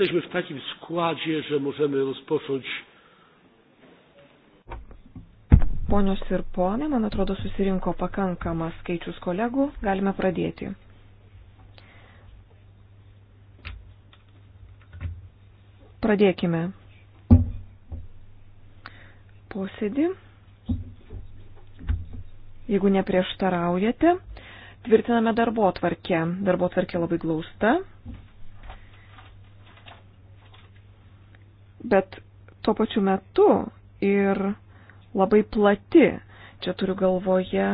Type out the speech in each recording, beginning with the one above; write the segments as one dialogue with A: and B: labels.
A: jesteśmy w takim składzie, że możemy rozpocząć.
B: Ponios ir ponai, man atrodo, susirinko pakankamas skaičius kolegų, galime pradėti. Pradėkime posėdį. Jeigu neprieštaraujate, tvirtiname darbo tvarkę. Darbo tvarkė labai glausta, bet tuo pačiu metu ir labai plati. Čia turiu galvoje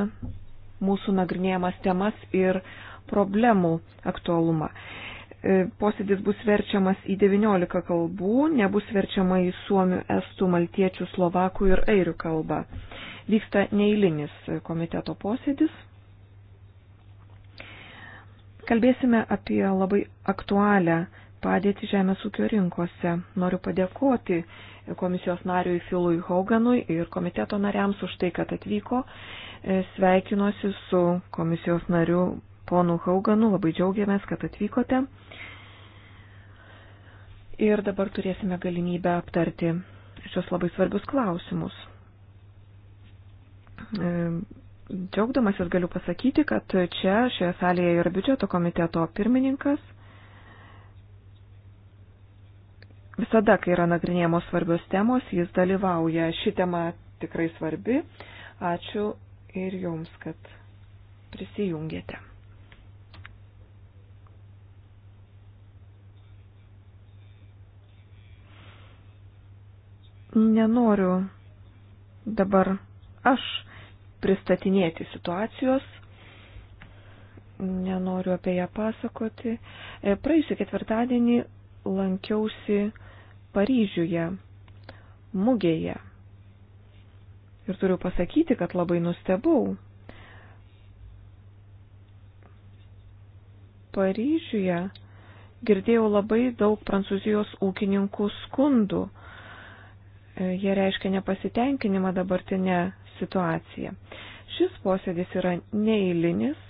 B: mūsų nagrinėjamas temas ir problemų aktualumą. E, posėdis bus verčiamas į 19 kalbų, nebus verčiama į suomių, estų, maltiečių, slovakų ir airių kalbą. Vyksta neįlinis komiteto posėdis. Kalbėsime apie labai aktualią padėtį žemės ūkio rinkose. Noriu padėkoti komisijos nariui Filui Hoganui ir komiteto nariams už tai, kad atvyko. E, Sveikinuosi su komisijos nariu ponu Hoganu, labai džiaugiamės, kad atvykote. Ir dabar turėsime galimybę aptarti šios labai svarbius klausimus. E, Džiaugdamasis galiu pasakyti, kad čia šioje salėje yra biudžeto komiteto pirmininkas visada, kai yra nagrinėjamos svarbios temos, jis dalyvauja. Ši tema tikrai svarbi. Ačiū ir jums, kad prisijungėte. Nenoriu dabar aš pristatinėti situacijos nenoriu apie ją pasakoti. Praėjusį ketvirtadienį lankiausi Paryžiuje, mugėje. Ir turiu pasakyti, kad labai nustebau. Paryžiuje girdėjau labai daug prancūzijos ūkininkų skundų. E, jie reiškia nepasitenkinimą dabartinę situaciją. Šis posėdis yra neįlinis,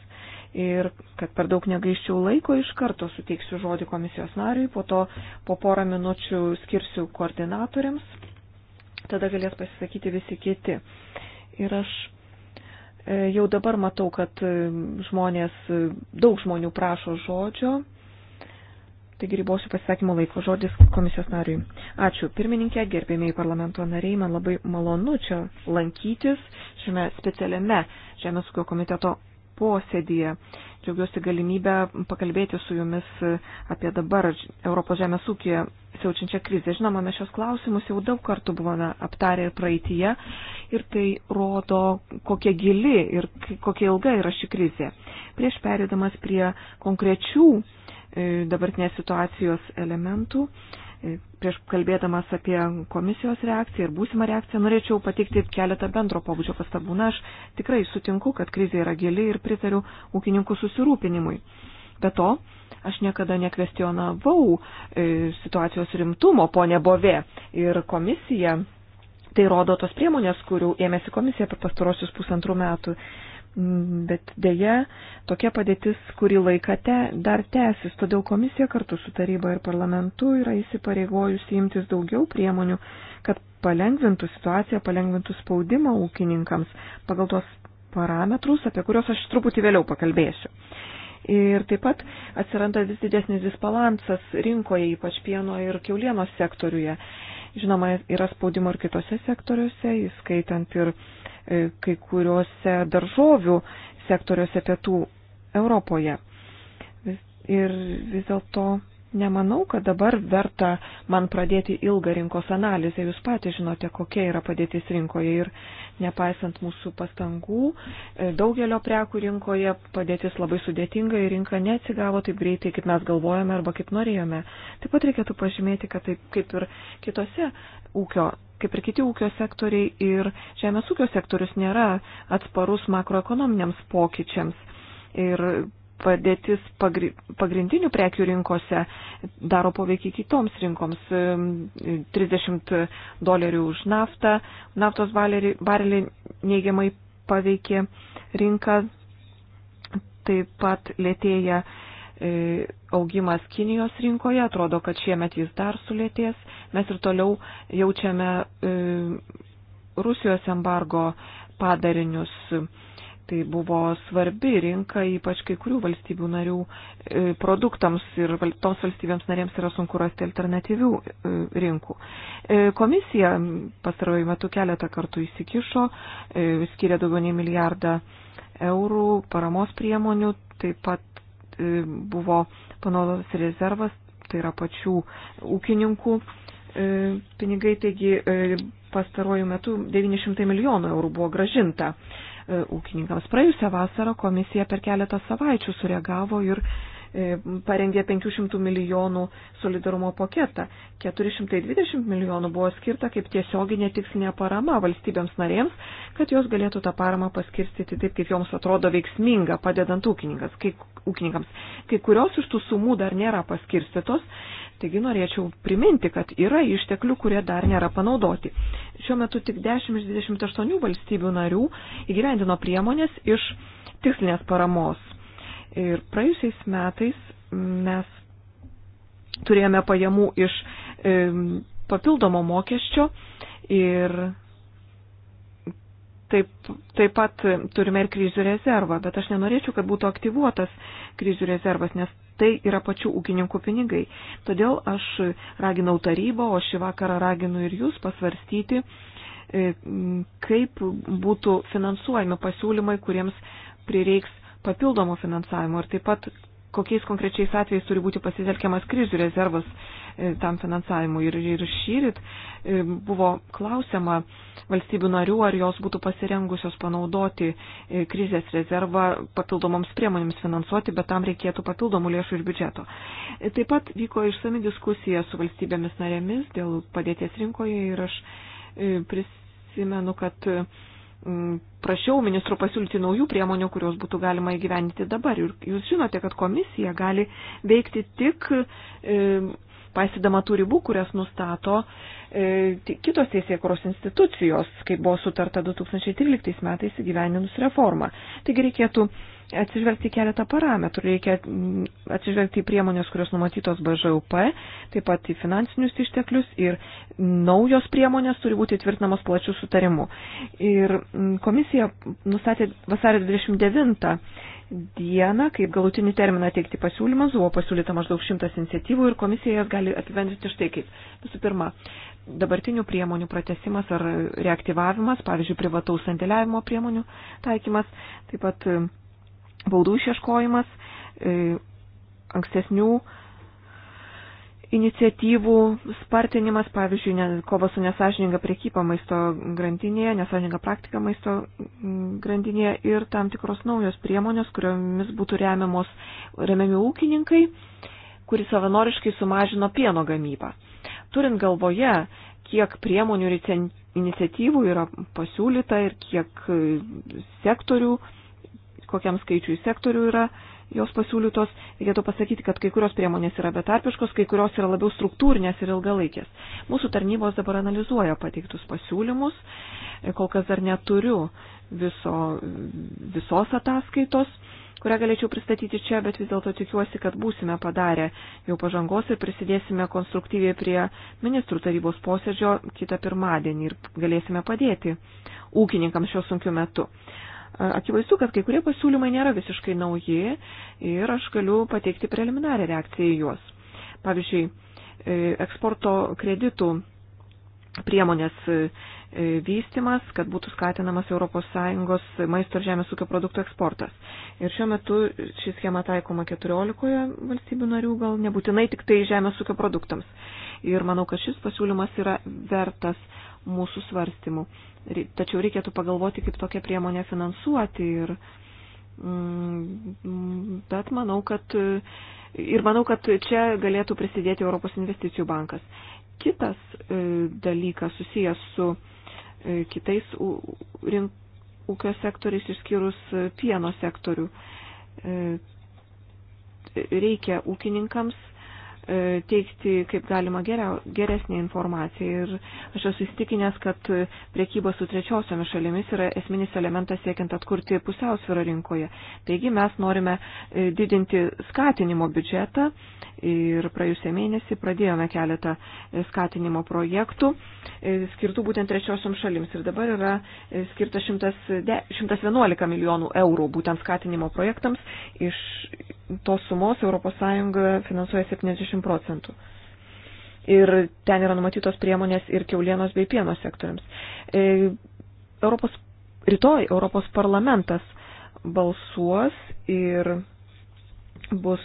B: Ir kad per daug negaiščiau laiko, iš karto suteiksiu žodį komisijos nariui, po to po porą minučių skirsiu koordinatoriams, tada galės pasisakyti visi kiti. Ir aš e, jau dabar matau, kad e, žmonės, e, daug žmonių prašo žodžio. Taigi ribosiu pasisakymo laiko žodis komisijos nariui. Ačiū. Pirmininkė, gerbėmiai parlamento nariai, man labai malonu čia lankytis šiame specialiame Žemės ūkio komiteto posėdėje. Džiaugiuosi galimybę pakalbėti su jumis apie dabar Europos žemės ūkį siaučiančią krizę. Žinoma, mes šios klausimus jau daug kartų buvome aptarę ir praeitie ir tai rodo, kokia gili ir kokia ilga yra ši krizė. Prieš perėdamas prie konkrečių e, dabartinės situacijos elementų, Prieš kalbėdamas apie komisijos reakciją ir būsimą reakciją, norėčiau patikti keletą bendro pobūdžio pastabų. Na, aš tikrai sutinku, kad krizė yra gili ir pritariu ūkininkų susirūpinimui. Be to, aš niekada nekvestionavau e, situacijos rimtumo, ponė Bove, ir komisija. Tai rodo tos priemonės, kurių ėmėsi komisija per pastarosius pusantrų metų bet dėja tokia padėtis kurį laiką te, dar tęsis, todėl komisija kartu su taryba ir parlamentu yra įsipareigojusi imtis daugiau priemonių, kad palengvintų situaciją, palengvintų spaudimą ūkininkams pagal tos parametrus, apie kuriuos aš truputį vėliau pakalbėsiu. Ir taip pat atsiranda vis didesnis disbalansas rinkoje, ypač pieno ir keulienos sektoriuje. Žinoma, yra spaudimo ir kitose sektoriuose, įskaitant ir uh, E, kai kuriuose daržovių sektoriuose pietų Europoje. Ir vis dėlto nemanau, kad dabar verta man pradėti ilgą rinkos analizę. Jūs patys žinote, kokia yra padėtis rinkoje ir nepaisant mūsų pastangų, e, daugelio prekių rinkoje padėtis labai sudėtinga ir rinka neatsigavo taip greitai, kaip mes galvojame arba kaip norėjome. Taip pat reikėtų pažymėti, kad taip kaip ir kitose ūkio kaip ir kiti ūkio sektoriai, ir žemės ūkio sektorius nėra atsparus makroekonominiams pokyčiams. Ir padėtis pagri, pagrindinių prekių rinkose daro poveikį kitoms rinkoms. 30 dolerių už naftą, naftos barelį neigiamai paveikė rinką, taip pat lėtėja E, augimas Kinijos rinkoje, atrodo, kad šiemet jis dar sulėtės. Mes ir toliau jaučiame e, Rusijos embargo padarinius. Tai buvo svarbi rinka, ypač kai kurių valstybių narių e, produktams ir toms valstybėms narėms yra sunku rasti alternatyvių rinkų. Komisija pastarojų metų keletą kartų įsikišo, skiria daugiau nei milijardą eurų paramos priemonių, taip pat E, buvo panaudotas rezervas, tai yra pačių ūkininkų e, pinigai, taigi e, pastaruoju metu 900 milijonų eurų buvo gražinta ūkininkams. Praėjusią vasarą komisija per keletą savaičių sureagavo ir E, parengė 500 milijonų solidarumo paketą. 420 milijonų buvo skirta kaip tiesioginė tikslinė parama valstybėms narėms, kad jos galėtų tą paramą paskirstyti taip, kaip joms atrodo veiksminga, padedant ūkininkas, kai, ūkininkams. Kai kurios iš tų sumų dar nėra paskirstytos, taigi norėčiau priminti, kad yra išteklių, kurie dar nėra panaudoti. Šiuo metu tik 10 iš 28 valstybių narių įgyvendino priemonės iš tikslinės paramos Ir praėjusiais metais mes turėjome pajamų iš e, papildomo mokesčio ir taip, taip pat turime ir krizių rezervą, bet aš nenorėčiau, kad būtų aktyvuotas krizių rezervas, nes tai yra pačių ūkininkų pinigai. Todėl aš raginau tarybą, o šį vakarą raginu ir jūs pasvarstyti, e, kaip būtų finansuojami pasiūlymai, kuriems prireiks papildomo finansavimo ir taip pat kokiais konkrečiais atvejais turi būti pasitelkiamas krizių rezervas e, tam finansavimui. Ir, ir šyrit e, buvo klausima valstybių narių, ar jos būtų pasirengusios panaudoti e, krizės rezervą papildomoms priemonėms finansuoti, bet tam reikėtų papildomų lėšų iš biudžeto. Taip pat vyko išsami diskusija su valstybėmis narėmis dėl padėties rinkoje ir aš prisimenu, kad prašiau ministro pasiūlyti naujų priemonių, kurios būtų galima įgyventi dabar. Ir jūs žinote, kad komisija gali veikti tik e, pasidama tų ribų, kurias nustato e, kitos teisėkuros institucijos, kaip buvo sutarta 2013 metais įgyveninus reformą. Taigi reikėtų atsižvelgti keletą parametrų. Reikia mm, atsižvelgti į priemonės, kurios numatytos BŽUP, taip pat į finansinius išteklius ir naujos priemonės turi būti tvirtinamos plačių sutarimų. Ir mm, komisija nustatė vasario 29 dieną, kaip galutinį terminą teikti pasiūlymas, buvo pasiūlyta maždaug šimtas iniciatyvų ir komisija jas gali apibendrinti štai kaip. Visų pirma, dabartinių priemonių pratesimas ar reaktyvavimas, pavyzdžiui, privataus sandėliavimo priemonių taikymas, taip pat baudų išieškojimas, e, ankstesnių iniciatyvų spartinimas, pavyzdžiui, kova su nesažininga priekyba maisto grandinėje, nesažininga praktika maisto grandinėje ir tam tikros naujos priemonės, kuriomis būtų remiamos, remiami ūkininkai, kuri savanoriškai sumažino pieno gamybą. Turint galvoje, kiek priemonių ir iniciatyvų yra pasiūlyta ir kiek e, sektorių kokiam skaičiui sektorių yra jos pasiūlytos. Reikėtų pasakyti, kad kai kurios priemonės yra betarpiškos, kai kurios yra labiau struktūrinės ir ilgalaikės. Mūsų tarnybos dabar analizuoja pateiktus pasiūlymus. Kol kas dar neturiu viso, visos ataskaitos kurią galėčiau pristatyti čia, bet vis dėlto tikiuosi, kad būsime padarę jau pažangos ir prisidėsime konstruktyviai prie ministrų tarybos posėdžio kitą pirmadienį ir galėsime padėti ūkininkams šiuo sunkiu metu akivaizdu, kad kai kurie pasiūlymai nėra visiškai nauji ir aš galiu pateikti preliminarią reakciją į juos. Pavyzdžiui, e, eksporto kreditų priemonės e, e, vystimas, kad būtų skatinamas ES maisto ir žemės ūkio produktų eksportas. Ir šiuo metu ši schema taikoma 14 valstybių narių, gal nebūtinai tik tai žemės ūkio produktams. Ir manau, kad šis pasiūlymas yra vertas mūsų svarstymų. Tačiau reikėtų pagalvoti, kaip tokią priemonę finansuoti. Ir, mm, bet manau, kad ir manau, kad čia galėtų prisidėti Europos investicijų bankas. Kitas e, dalykas susijęs su e, kitais ūkio sektoriais išskyrus pieno sektorių. E, reikia ūkininkams E, teikti kaip galima geriau, geresnį informaciją. Ir aš esu įstikinęs, kad priekyba su trečiosiomis šalimis yra esminis elementas siekiant atkurti pusiausvyrą rinkoje. Taigi mes norime e, didinti skatinimo biudžetą ir praėjusią mėnesį pradėjome keletą e, skatinimo projektų skirtų būtent trečiosiom šalims. Ir dabar yra skirta 111 milijonų eurų būtent skatinimo projektams iš tos sumos ES finansuoja 70 procentų. Ir ten yra numatytos priemonės ir keulienos bei pieno sektoriams. E, Europos, rytoj Europos parlamentas balsuos ir bus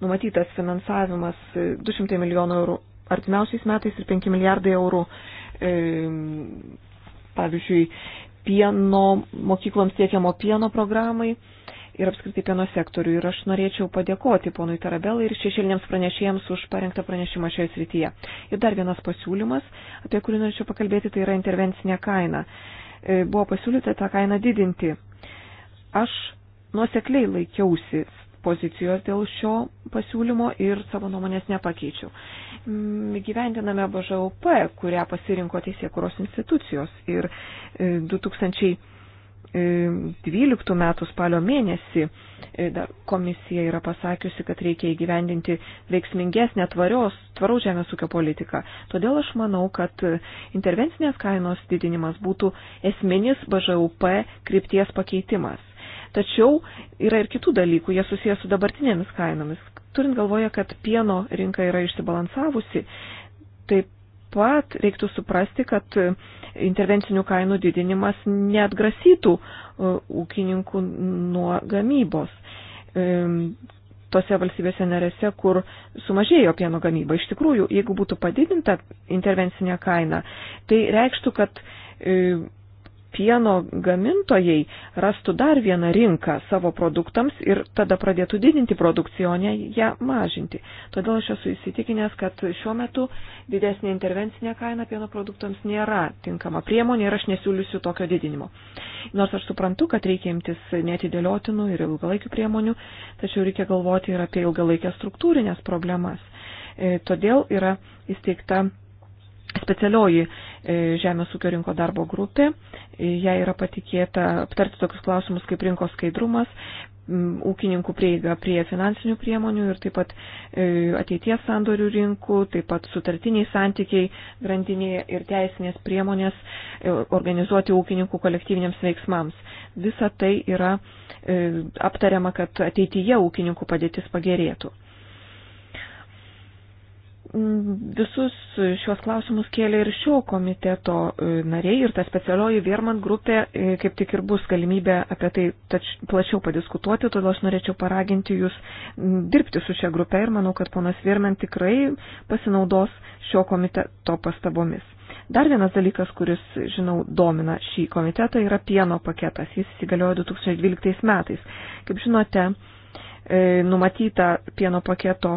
B: numatytas finansavimas 200 milijonų eurų artimiausiais metais ir 5 milijardai eurų, e, pavyzdžiui, pieno, mokykloms tiekiamo pieno programai. E, ir apskritai pieno sektorių. Ir aš norėčiau padėkoti ponui Tarabelai ir šešėliniams pranešėjams už parengtą pranešimą šioje srityje. Ir dar vienas pasiūlymas, apie kurį norėčiau pakalbėti, tai yra intervencinė kaina. E, buvo pasiūlyta tą kainą didinti. Aš nuosekliai laikiausi pozicijos dėl šio pasiūlymo ir savo nuomonės nepakeičiau. Mm, Gyvendiname BŽUP, kurią pasirinko Teisėkuros institucijos ir 2000. E, 12 e, metų spalio mėnesį e, dar komisija yra pasakiusi, kad reikia įgyvendinti veiksmingesnę tvarios, tvaraus žemės ūkio politiką. Todėl aš manau, kad intervencinės kainos didinimas būtų esminis BŽUP krypties pakeitimas. Tačiau yra ir kitų dalykų, jie susijęs su dabartinėmis kainomis. Turint galvoje, kad pieno rinka yra išsibalansavusi, taip pat reiktų suprasti, kad intervencinių kainų didinimas neatgrasytų e, ūkininkų nuo gamybos. E, tose valstybėse narėse, kur sumažėjo pieno gamyba, iš tikrųjų, jeigu būtų padidinta intervencinė kaina, tai reikštų, kad e, pieno gamintojai rastų dar vieną rinką savo produktams ir tada pradėtų didinti produkciją, o ne ją mažinti. Todėl aš esu įsitikinęs, kad šiuo metu didesnė intervencinė kaina pieno produktams nėra tinkama priemonė ir aš nesiūlysiu tokio didinimo. Nors aš suprantu, kad reikia imtis netidėliotinų ir ilgalaikių priemonių, tačiau reikia galvoti ir apie ilgalaikę struktūrinės problemas. E, todėl yra įsteigta specialioji e, Žemės ūkio rinko darbo grupė. Jai yra patikėta aptarti tokius klausimus kaip rinkos skaidrumas, ūkininkų prieiga prie finansinių priemonių ir taip pat e, ateities sandorių rinkų, taip pat sutartiniai santykiai grandinėje ir teisinės priemonės e, organizuoti ūkininkų kolektyviniams veiksmams. Visa tai yra aptariama, kad ateityje ūkininkų padėtis pagerėtų visus šios klausimus kėlė ir šio komiteto e, nariai ir ta specialioji Vierman grupė e, kaip tik ir bus galimybė apie tai tač, plačiau padiskutuoti, todėl aš norėčiau paraginti jūs dirbti su šia grupė ir manau, kad ponas Vierman tikrai pasinaudos šio komiteto pastabomis. Dar vienas dalykas, kuris, žinau, domina šį komitetą, yra pieno paketas. Jis įsigaliojo 2012 metais. Kaip žinote, e, numatyta pieno paketo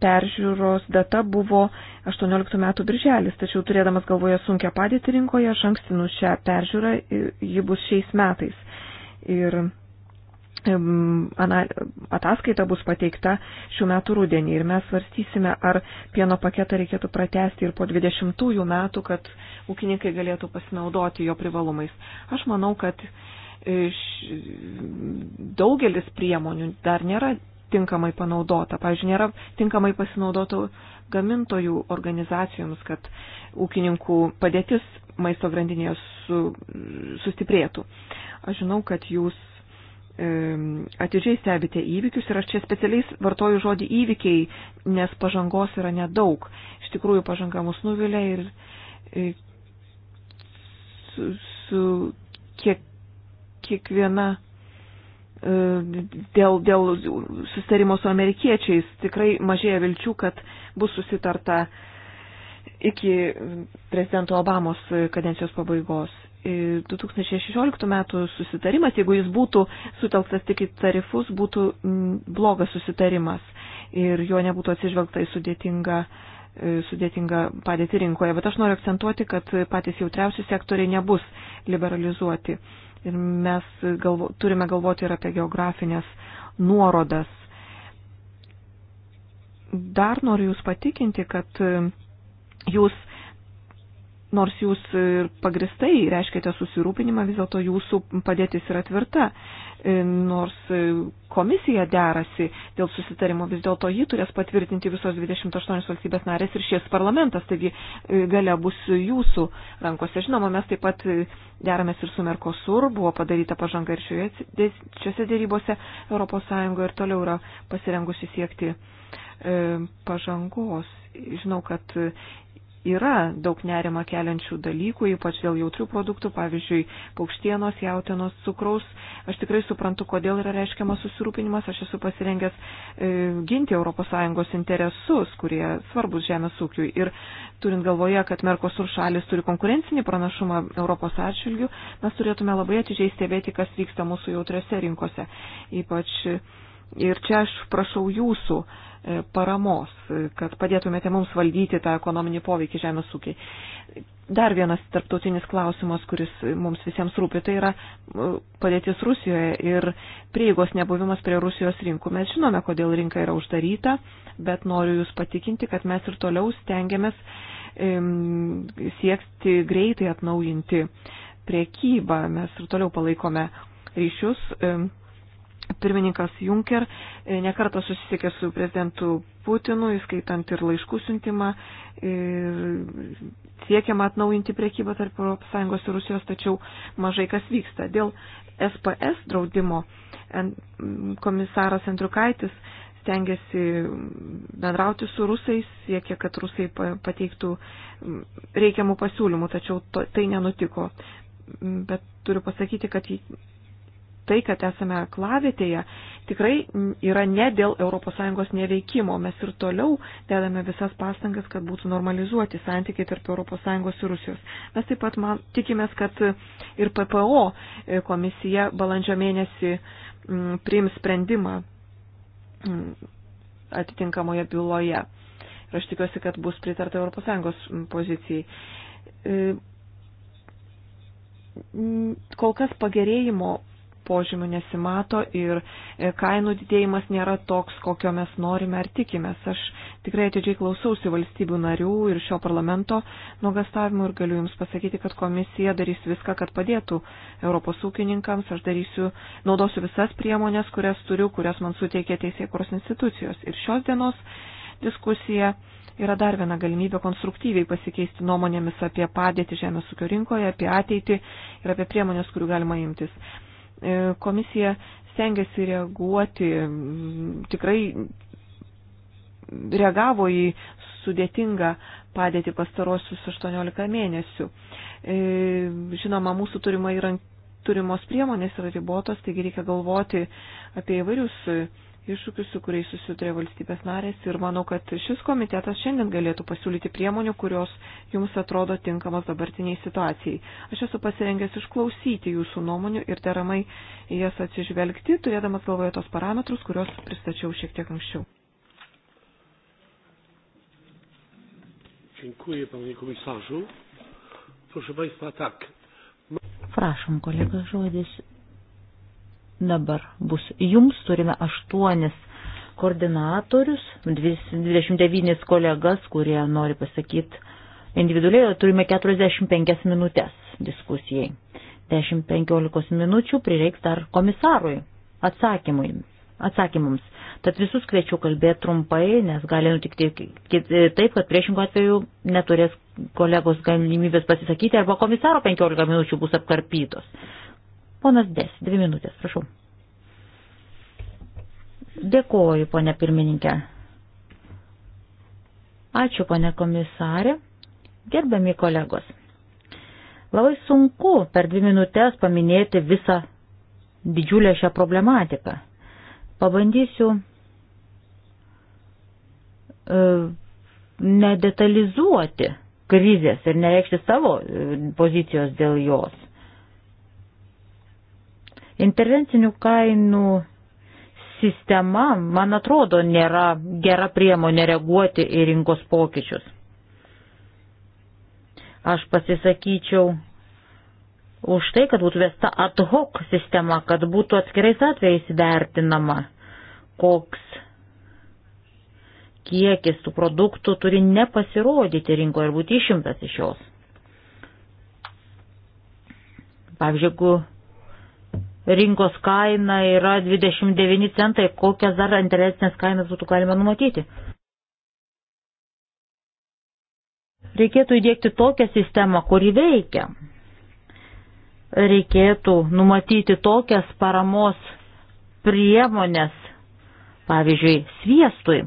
B: peržiūros data buvo 18 metų birželis, tačiau turėdamas galvoje sunkia padėti rinkoje, aš ankstinu šią peržiūrą, ji bus šiais metais. Ir ataskaita bus pateikta šių metų rudenį ir mes svarstysime, ar pieno paketą reikėtų pratesti ir po 20 metų, kad ūkininkai galėtų pasinaudoti jo privalumais. Aš manau, kad e, daugelis priemonių dar nėra tinkamai panaudota. Pavyzdžiui, nėra tinkamai pasinaudota gamintojų organizacijoms, kad ūkininkų padėtis maisto grandinėje su, sustiprėtų. Aš žinau, kad jūs atidžiai stebite įvykius ir aš čia specialiai vartoju žodį įvykiai, nes pažangos yra nedaug. Iš tikrųjų pažanga mus nuvilia ir e, su, su kiek, kiekviena E, dėl, dėl susitarimo su amerikiečiais tikrai mažėja vilčių, kad bus susitarta iki prezidento Obamos kadencijos pabaigos. 2016 e, metų susitarimas, jeigu jis būtų sutelktas tik į tarifus, būtų blogas susitarimas ir jo nebūtų atsižvelgta į sudėtingą, e, sudėtingą padėtį rinkoje. Bet aš noriu akcentuoti, kad patys jautriausi sektoriai nebus liberalizuoti. Ir mes galvo, turime galvoti ir apie geografinės nuorodas. Dar noriu Jūs patikinti, kad Jūs nors jūs ir pagristai reiškite susirūpinimą, vis dėlto jūsų padėtis yra tvirta. E, nors komisija derasi dėl susitarimo, vis dėlto jį turės patvirtinti visos 28 valstybės narės ir šis parlamentas, taigi e, gale bus jūsų rankose. Žinoma, mes taip pat e, deramės ir su Merkosur, buvo padaryta pažanga ir šioje, šiuose dėrybose ES ir toliau yra pasirengusi siekti pažangos. Žinau, kad yra daug nerima keliančių dalykų, ypač dėl jautrių produktų, pavyzdžiui, paukštienos, jautienos, cukraus. Aš tikrai suprantu, kodėl yra reiškiamas susirūpinimas. Aš esu pasirengęs e, ginti ES interesus, kurie svarbus žemės ūkiui. Ir turint galvoje, kad Merkosur šalis turi konkurencinį pranašumą Europos atšilgių, mes turėtume labai atidžiai stebėti, kas vyksta mūsų jautriose rinkose. Ypač, ir čia aš prašau jūsų E, paramos, e, kad padėtumėte mums valdyti tą ekonominį poveikį žemės ūkiai. Dar vienas tarptautinis klausimas, kuris mums visiems rūpi, tai yra e, padėtis Rusijoje ir prieigos nebuvimas prie Rusijos rinkų. Mes žinome, kodėl rinka yra uždaryta, bet noriu Jūs patikinti, kad mes ir toliau stengiamės siekti greitai atnaujinti priekybą. Mes ir toliau palaikome ryšius pirmininkas Juncker e, nekartą susisiekė su prezidentu Putinu, įskaitant ir laiškų siuntimą, ir siekiama atnaujinti priekybą tarp ES ir Rusijos, tačiau mažai kas vyksta. Dėl SPS draudimo komisaras Andriukaitis stengiasi bendrauti su rusais, siekia, kad rusai pateiktų reikiamų pasiūlymų, tačiau to, tai nenutiko. Bet turiu pasakyti, kad tai, kad esame aklavitėje, tikrai yra ne dėl ES neveikimo. Mes ir toliau dedame visas pastangas, kad būtų normalizuoti santykiai tarp ES ir Rusijos. Mes taip pat man, tikimės, kad ir PPO komisija balandžio mėnesį m, mm, priims sprendimą m, mm, atitinkamoje byloje. Ir aš tikiuosi, kad bus pritarta ES pozicijai. E, kol kas pagerėjimo požymių nesimato ir e, kainų didėjimas nėra toks, kokio mes norime ar tikimės. Aš tikrai atidžiai klausausi valstybių narių ir šio parlamento nuogastavimų ir galiu Jums pasakyti, kad komisija darys viską, kad padėtų Europos ūkininkams. Aš darysiu, naudosiu visas priemonės, kurias turiu, kurias man suteikė teisėkuros institucijos. Ir šios dienos diskusija yra dar viena galimybė konstruktyviai pasikeisti nuomonėmis apie padėtį žemės ūkio rinkoje, apie ateitį ir apie priemonės, kurių galima imtis. E, komisija stengiasi reaguoti, tikrai reagavo į sudėtingą padėtį pastarosius 18 mėnesių. E, žinoma, mūsų turima įrank, turimos priemonės yra ribotos, taigi reikia galvoti apie įvairius iššūkius, su kuriais susiduria valstybės narės ir manau, kad šis komitetas šiandien galėtų pasiūlyti priemonių, kurios jums atrodo tinkamos dabartiniai situacijai. Aš esu pasirengęs išklausyti jūsų nuomonių ir deramai į jas atsižvelgti, turėdamas galvoje tos parametrus, kuriuos pristačiau šiek tiek anksčiau.
A: Dziękuję panie komisarzu. Proszę państwa, tak.
C: Prašom, kolega, žodis dabar bus. Jums turime aštuonis koordinatorius, 29 kolegas, kurie nori pasakyti individualiai, turime 45 minutės diskusijai. 10-15 minučių prireiks dar komisarui atsakymui, atsakymams. Tad visus kviečiu kalbėti trumpai, nes gali nutikti taip, kad priešingų atveju neturės kolegos galimybės pasisakyti arba komisaro 15 minučių bus apkarpytos. Ponas Des, dvi minutės, prašau. Dėkoju, ponė pirmininkė. Ačiū, ponė komisarė. Gerbiami kolegos. Labai sunku per dvi minutės paminėti visą didžiulę šią problematiką. Pabandysiu e, nedetalizuoti krizės ir nereikšti savo e, pozicijos dėl jos. Intervencinių kainų sistema, man atrodo, nėra gera priemonė reaguoti į rinkos pokyčius. Aš pasisakyčiau už tai, kad būtų vesta ad hoc sistema, kad būtų atskirais atvejais vertinama, koks kiekis tų produktų turi nepasirodyti rinkoje ir būti išimtas iš jos. Pavyzdžiui, jeigu rinkos kaina yra 29 centai, kokias dar interesinės kainas būtų galima numatyti. Reikėtų įdėkti tokią sistemą, kuri veikia. Reikėtų numatyti tokias paramos priemonės, pavyzdžiui, sviestui.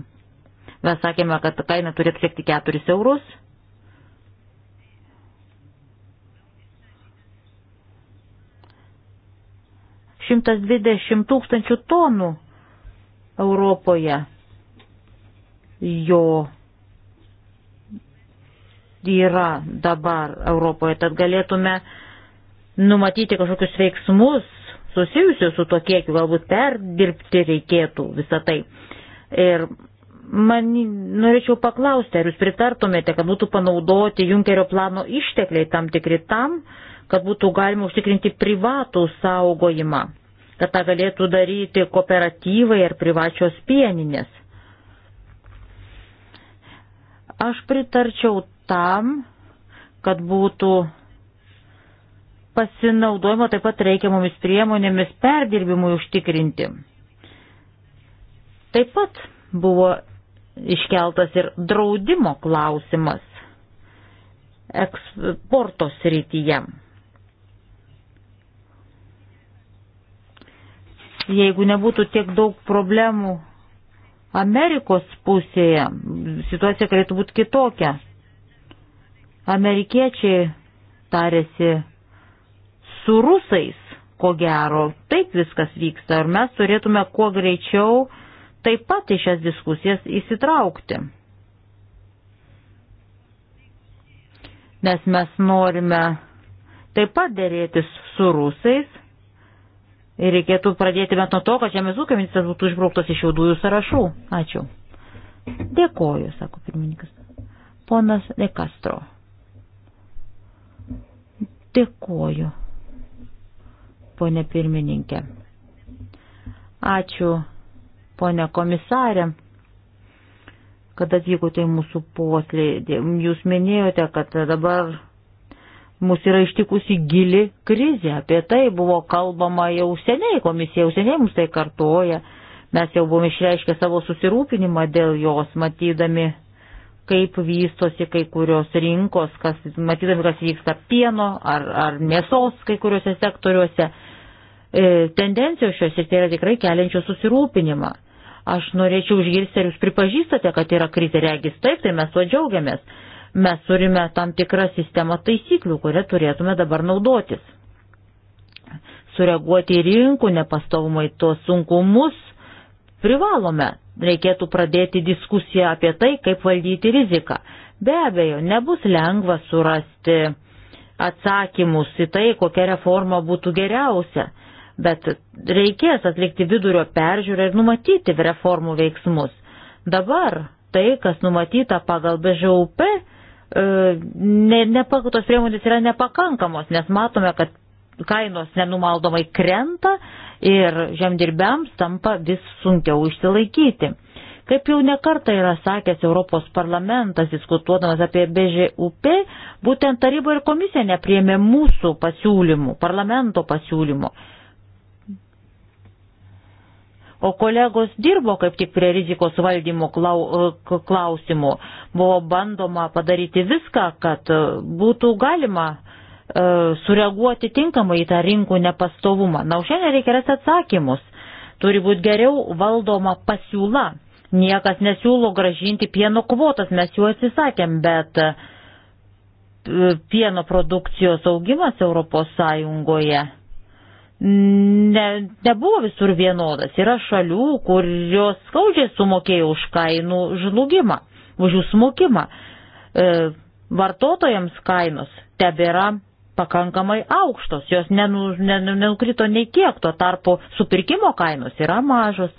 C: Mes sakėme, kad kaina turėtų siekti 4 eurus 120 tūkstančių tonų Europoje jo yra dabar Europoje. Tad galėtume numatyti kažkokius veiksmus susijusius su to kiekiu, galbūt perdirbti reikėtų visą tai. Ir man norėčiau paklausti, ar jūs pritartumėte, kad būtų panaudoti Junkerio plano ištekliai tam tikri tam, kad būtų galima užtikrinti privatų saugojimą, kad tą galėtų daryti kooperatyvai ar privačios pieninės. Aš pritarčiau tam, kad būtų pasinaudojimo taip pat reikiamomis priemonėmis perdirbimui užtikrinti. Taip pat buvo iškeltas ir draudimo klausimas eksporto srityje. jeigu nebūtų tiek daug problemų Amerikos pusėje, situacija galėtų būti kitokia. Amerikiečiai tarėsi su rusais, ko gero, taip viskas vyksta ir mes turėtume kuo greičiau taip pat į šias diskusijas įsitraukti. Nes mes norime taip pat dėrėtis su rusais Ir reikėtų pradėti bent nuo to, kad žemės ūkio ministras būtų išbrauktas iš jaudųjų sąrašų. Ačiū. Dėkoju, sako pirmininkas. Ponas De Castro. Dėkoju, ponė pirmininkė. Ačiū, ponė komisarė, kad atvykote į mūsų poslį. Jūs minėjote, kad dabar mus yra ištikusi gili krizė. Apie tai buvo kalbama jau seniai, komisija jau seniai mums tai kartoja. Mes jau buvome išreiškę savo susirūpinimą dėl jos, matydami, kaip vystosi kai kurios rinkos, kas, matydami, kas vyksta pieno ar, ar mėsos kai kuriuose sektoriuose. E, tendencijos šios ir tai yra tikrai keliančios susirūpinimą. Aš norėčiau išgirsti, ar jūs pripažįstate, kad yra krizė regis, taip, tai mes tuo džiaugiamės mes turime tam tikrą sistemą taisyklių, kurią turėtume dabar naudotis. Sureaguoti į rinkų nepastovumai tuos sunkumus privalome. Reikėtų pradėti diskusiją apie tai, kaip valdyti riziką. Be abejo, nebus lengva surasti atsakymus į tai, kokia reforma būtų geriausia, bet reikės atlikti vidurio peržiūrą ir numatyti reformų veiksmus. Dabar tai, kas numatyta pagal BŽUP, E, ne, ne, tos priemonės yra nepakankamos, nes matome, kad kainos nenumaldomai krenta ir žemdirbiams tampa vis sunkiau išsilaikyti. Kaip jau nekarta yra sakęs Europos parlamentas, diskutuodamas apie BŽUP, būtent taryba ir komisija nepriemė mūsų pasiūlymų, parlamento pasiūlymų. O kolegos dirbo kaip tik prie rizikos valdymo e, klausimų. Buvo bandoma padaryti viską, kad e, būtų galima e, sureaguoti tinkamai į tą rinkų nepastovumą. Na, šiandien reikia rasti atsakymus. Turi būti geriau valdoma pasiūla. Niekas nesiūlo gražinti pieno kvotas, mes jų atsisakėm, bet pieno produkcijos augimas Europos Sąjungoje ne, nebuvo visur vienodas. Yra šalių, kurios skaudžiai sumokėjo už kainų žlugimą, už jų smukimą. E, vartotojams kainos tebėra pakankamai aukštos, jos nenu, nenu, nenukrito nei kiek, tuo tarpu supirkimo kainos yra mažos.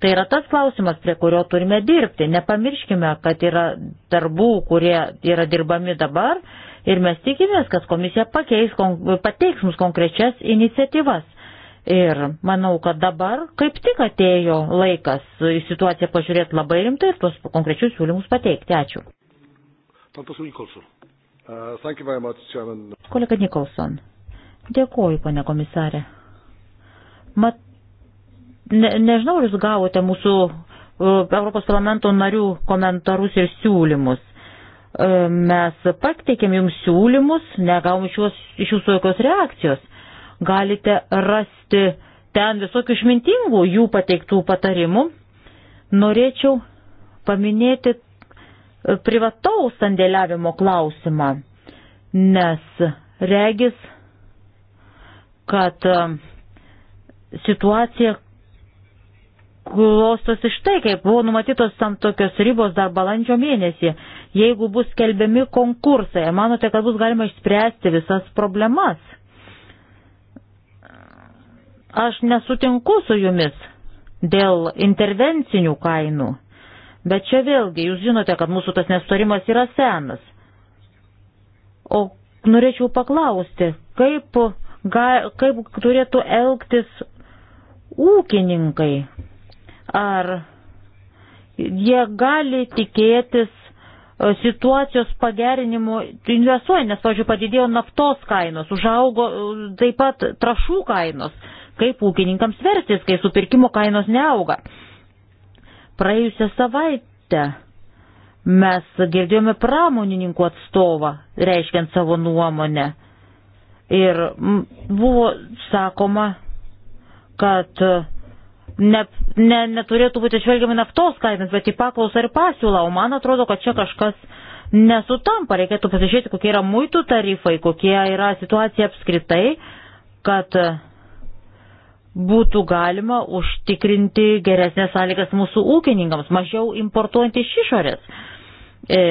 C: Tai yra tas klausimas, prie kurio turime dirbti. Nepamirškime, kad yra darbų, kurie yra dirbami dabar Ir mes tikimės, kad komisija pakeis, pateiks mums konkrečias iniciatyvas. Ir manau, kad dabar kaip tik atėjo laikas į situaciją pažiūrėti labai rimtai ir tuos konkrečius siūlymus pateikti. Ačiū.
A: E, Kolega
C: Nikolson, dėkoju, pane komisarė. Mat, ne, nežinau, ar jūs gavote mūsų e, Europos parlamento narių komentarus ir siūlymus. E, mes pateikėm jums siūlymus, negavom iš, juos, iš jūsų jokios reakcijos. Galite rasti ten visokių išmintingų jų pateiktų patarimų. Norėčiau paminėti e, privataus sandėliavimo klausimą, nes regis, kad e, situacija klostosi štai, kaip buvo numatytos tam tokios ribos dar balandžio mėnesį, jeigu bus skelbiami konkursai, manote, kad bus galima išspręsti visas problemas? Aš nesutinku su jumis dėl intervencinių kainų, bet čia vėlgi jūs žinote, kad mūsų tas nesutarimas yra senas. O norėčiau paklausti, kaip, ga, kaip turėtų elgtis ūkininkai, Ar jie gali tikėtis e, situacijos pagerinimo investuoja, nes, pavyzdžiui, padidėjo naftos kainos, užaugo e, taip pat trašų kainos, kaip ūkininkams versis, kai supirkimo kainos neauga. Praėjusią savaitę mes girdėjome pramonininkų atstovą, reiškiant savo nuomonę. Ir buvo sakoma, kad uh, ne, ne, neturėtų būti atsižvelgiama naftos kainas, bet į paklausą ir pasiūlą. O man atrodo, kad čia kažkas nesutampa. Reikėtų pasižiūrėti, kokie yra muitų tarifai, kokie yra situacija apskritai, kad būtų galima užtikrinti geresnės sąlygas mūsų ūkininkams, mažiau importuojant iš išorės. E,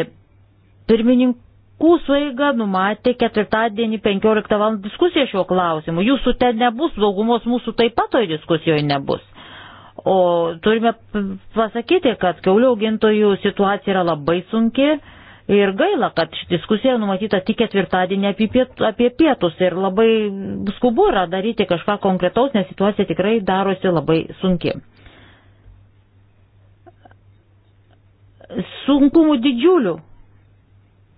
C: pirmininkų sueiga numatė ketvirtadienį 15 val. diskusiją šiuo klausimu. Jūsų ten nebus, daugumos mūsų taip pat toje diskusijoje nebus. O turime pasakyti, kad keulių augintojų situacija yra labai sunki ir gaila, kad diskusija numatyta tik ketvirtadienį apie, piet, apie pietus ir labai skubu yra daryti kažką konkretaus, nes situacija tikrai darosi labai sunki. Sunkumų didžiulių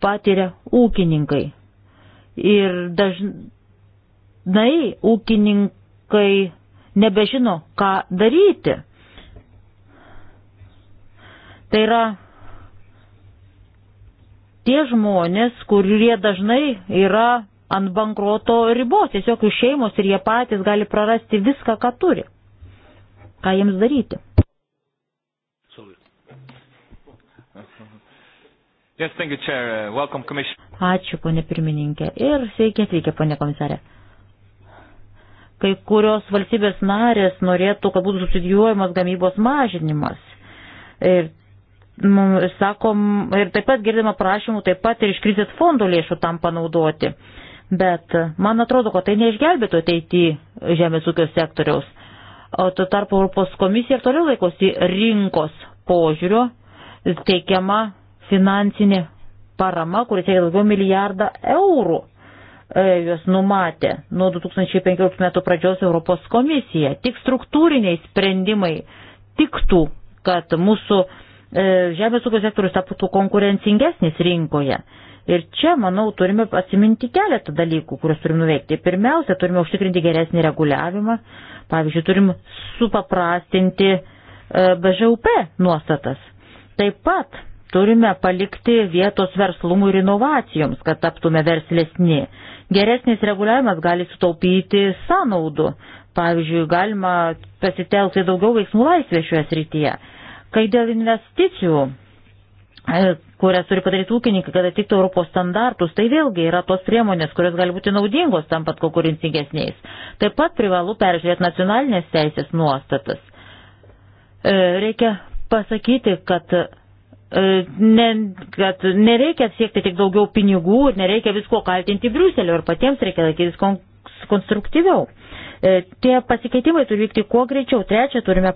C: patiria ūkininkai. Ir dažnai ūkininkai nebežino, ką daryti. Tai yra tie žmonės, kurie dažnai yra ant bankroto ribos, tiesiog jų šeimos ir jie patys gali prarasti viską, ką turi. Ką jiems daryti?
A: Yes, you, uh,
C: Ačiū, ponė pirmininkė. Ir sveiki atvykę, ponė komisarė. Kai kurios valstybės narės norėtų, kad būtų subsidijuojamas gamybos mažinimas. Ir, nu, sakom, ir taip pat girdima prašymų taip pat ir iš krizės fondo lėšų tam panaudoti. Bet man atrodo, kad tai neišgelbėtų ateityje žemės ūkio sektoriaus. O tuo tarpu Europos komisija ir toliau laikosi rinkos požiūrio, teikiama finansinė parama, kuris siekia daugiau milijardą eurų. E, juos numatė nuo 2015 metų pradžios Europos komisija. Tik struktūriniai sprendimai tiktų, kad mūsų e, žemės ūkio sektorius taptų konkurencingesnis rinkoje. Ir čia, manau, turime atsiminti keletą dalykų, kuriuos turim nuveikti. Pirmiausia, turime užtikrinti geresnį reguliavimą. Pavyzdžiui, turim supaprastinti e, BŽUP nuostatas. Taip pat turime palikti vietos verslumui ir inovacijoms, kad taptume verslesni. Geresnis reguliavimas gali sutaupyti sąnaudų. Pavyzdžiui, galima pasitelkti daugiau veiksmų laisvės šioje srityje. Kai dėl investicijų, e, kurias turi padaryti ūkininkai, kad atitiktų Europos standartus, tai vėlgi yra tos priemonės, kurios gali būti naudingos tampat konkurencingesniais. Taip pat privalu peržiūrėti nacionalinės teisės nuostatas. E, reikia pasakyti, kad E, ne, kad nereikia siekti tik daugiau pinigų ir nereikia visko kaltinti Briuselio ir patiems reikia laikytis kon, konstruktyviau. E, tie pasikeitimai turi vykti kuo greičiau. Trečia, turime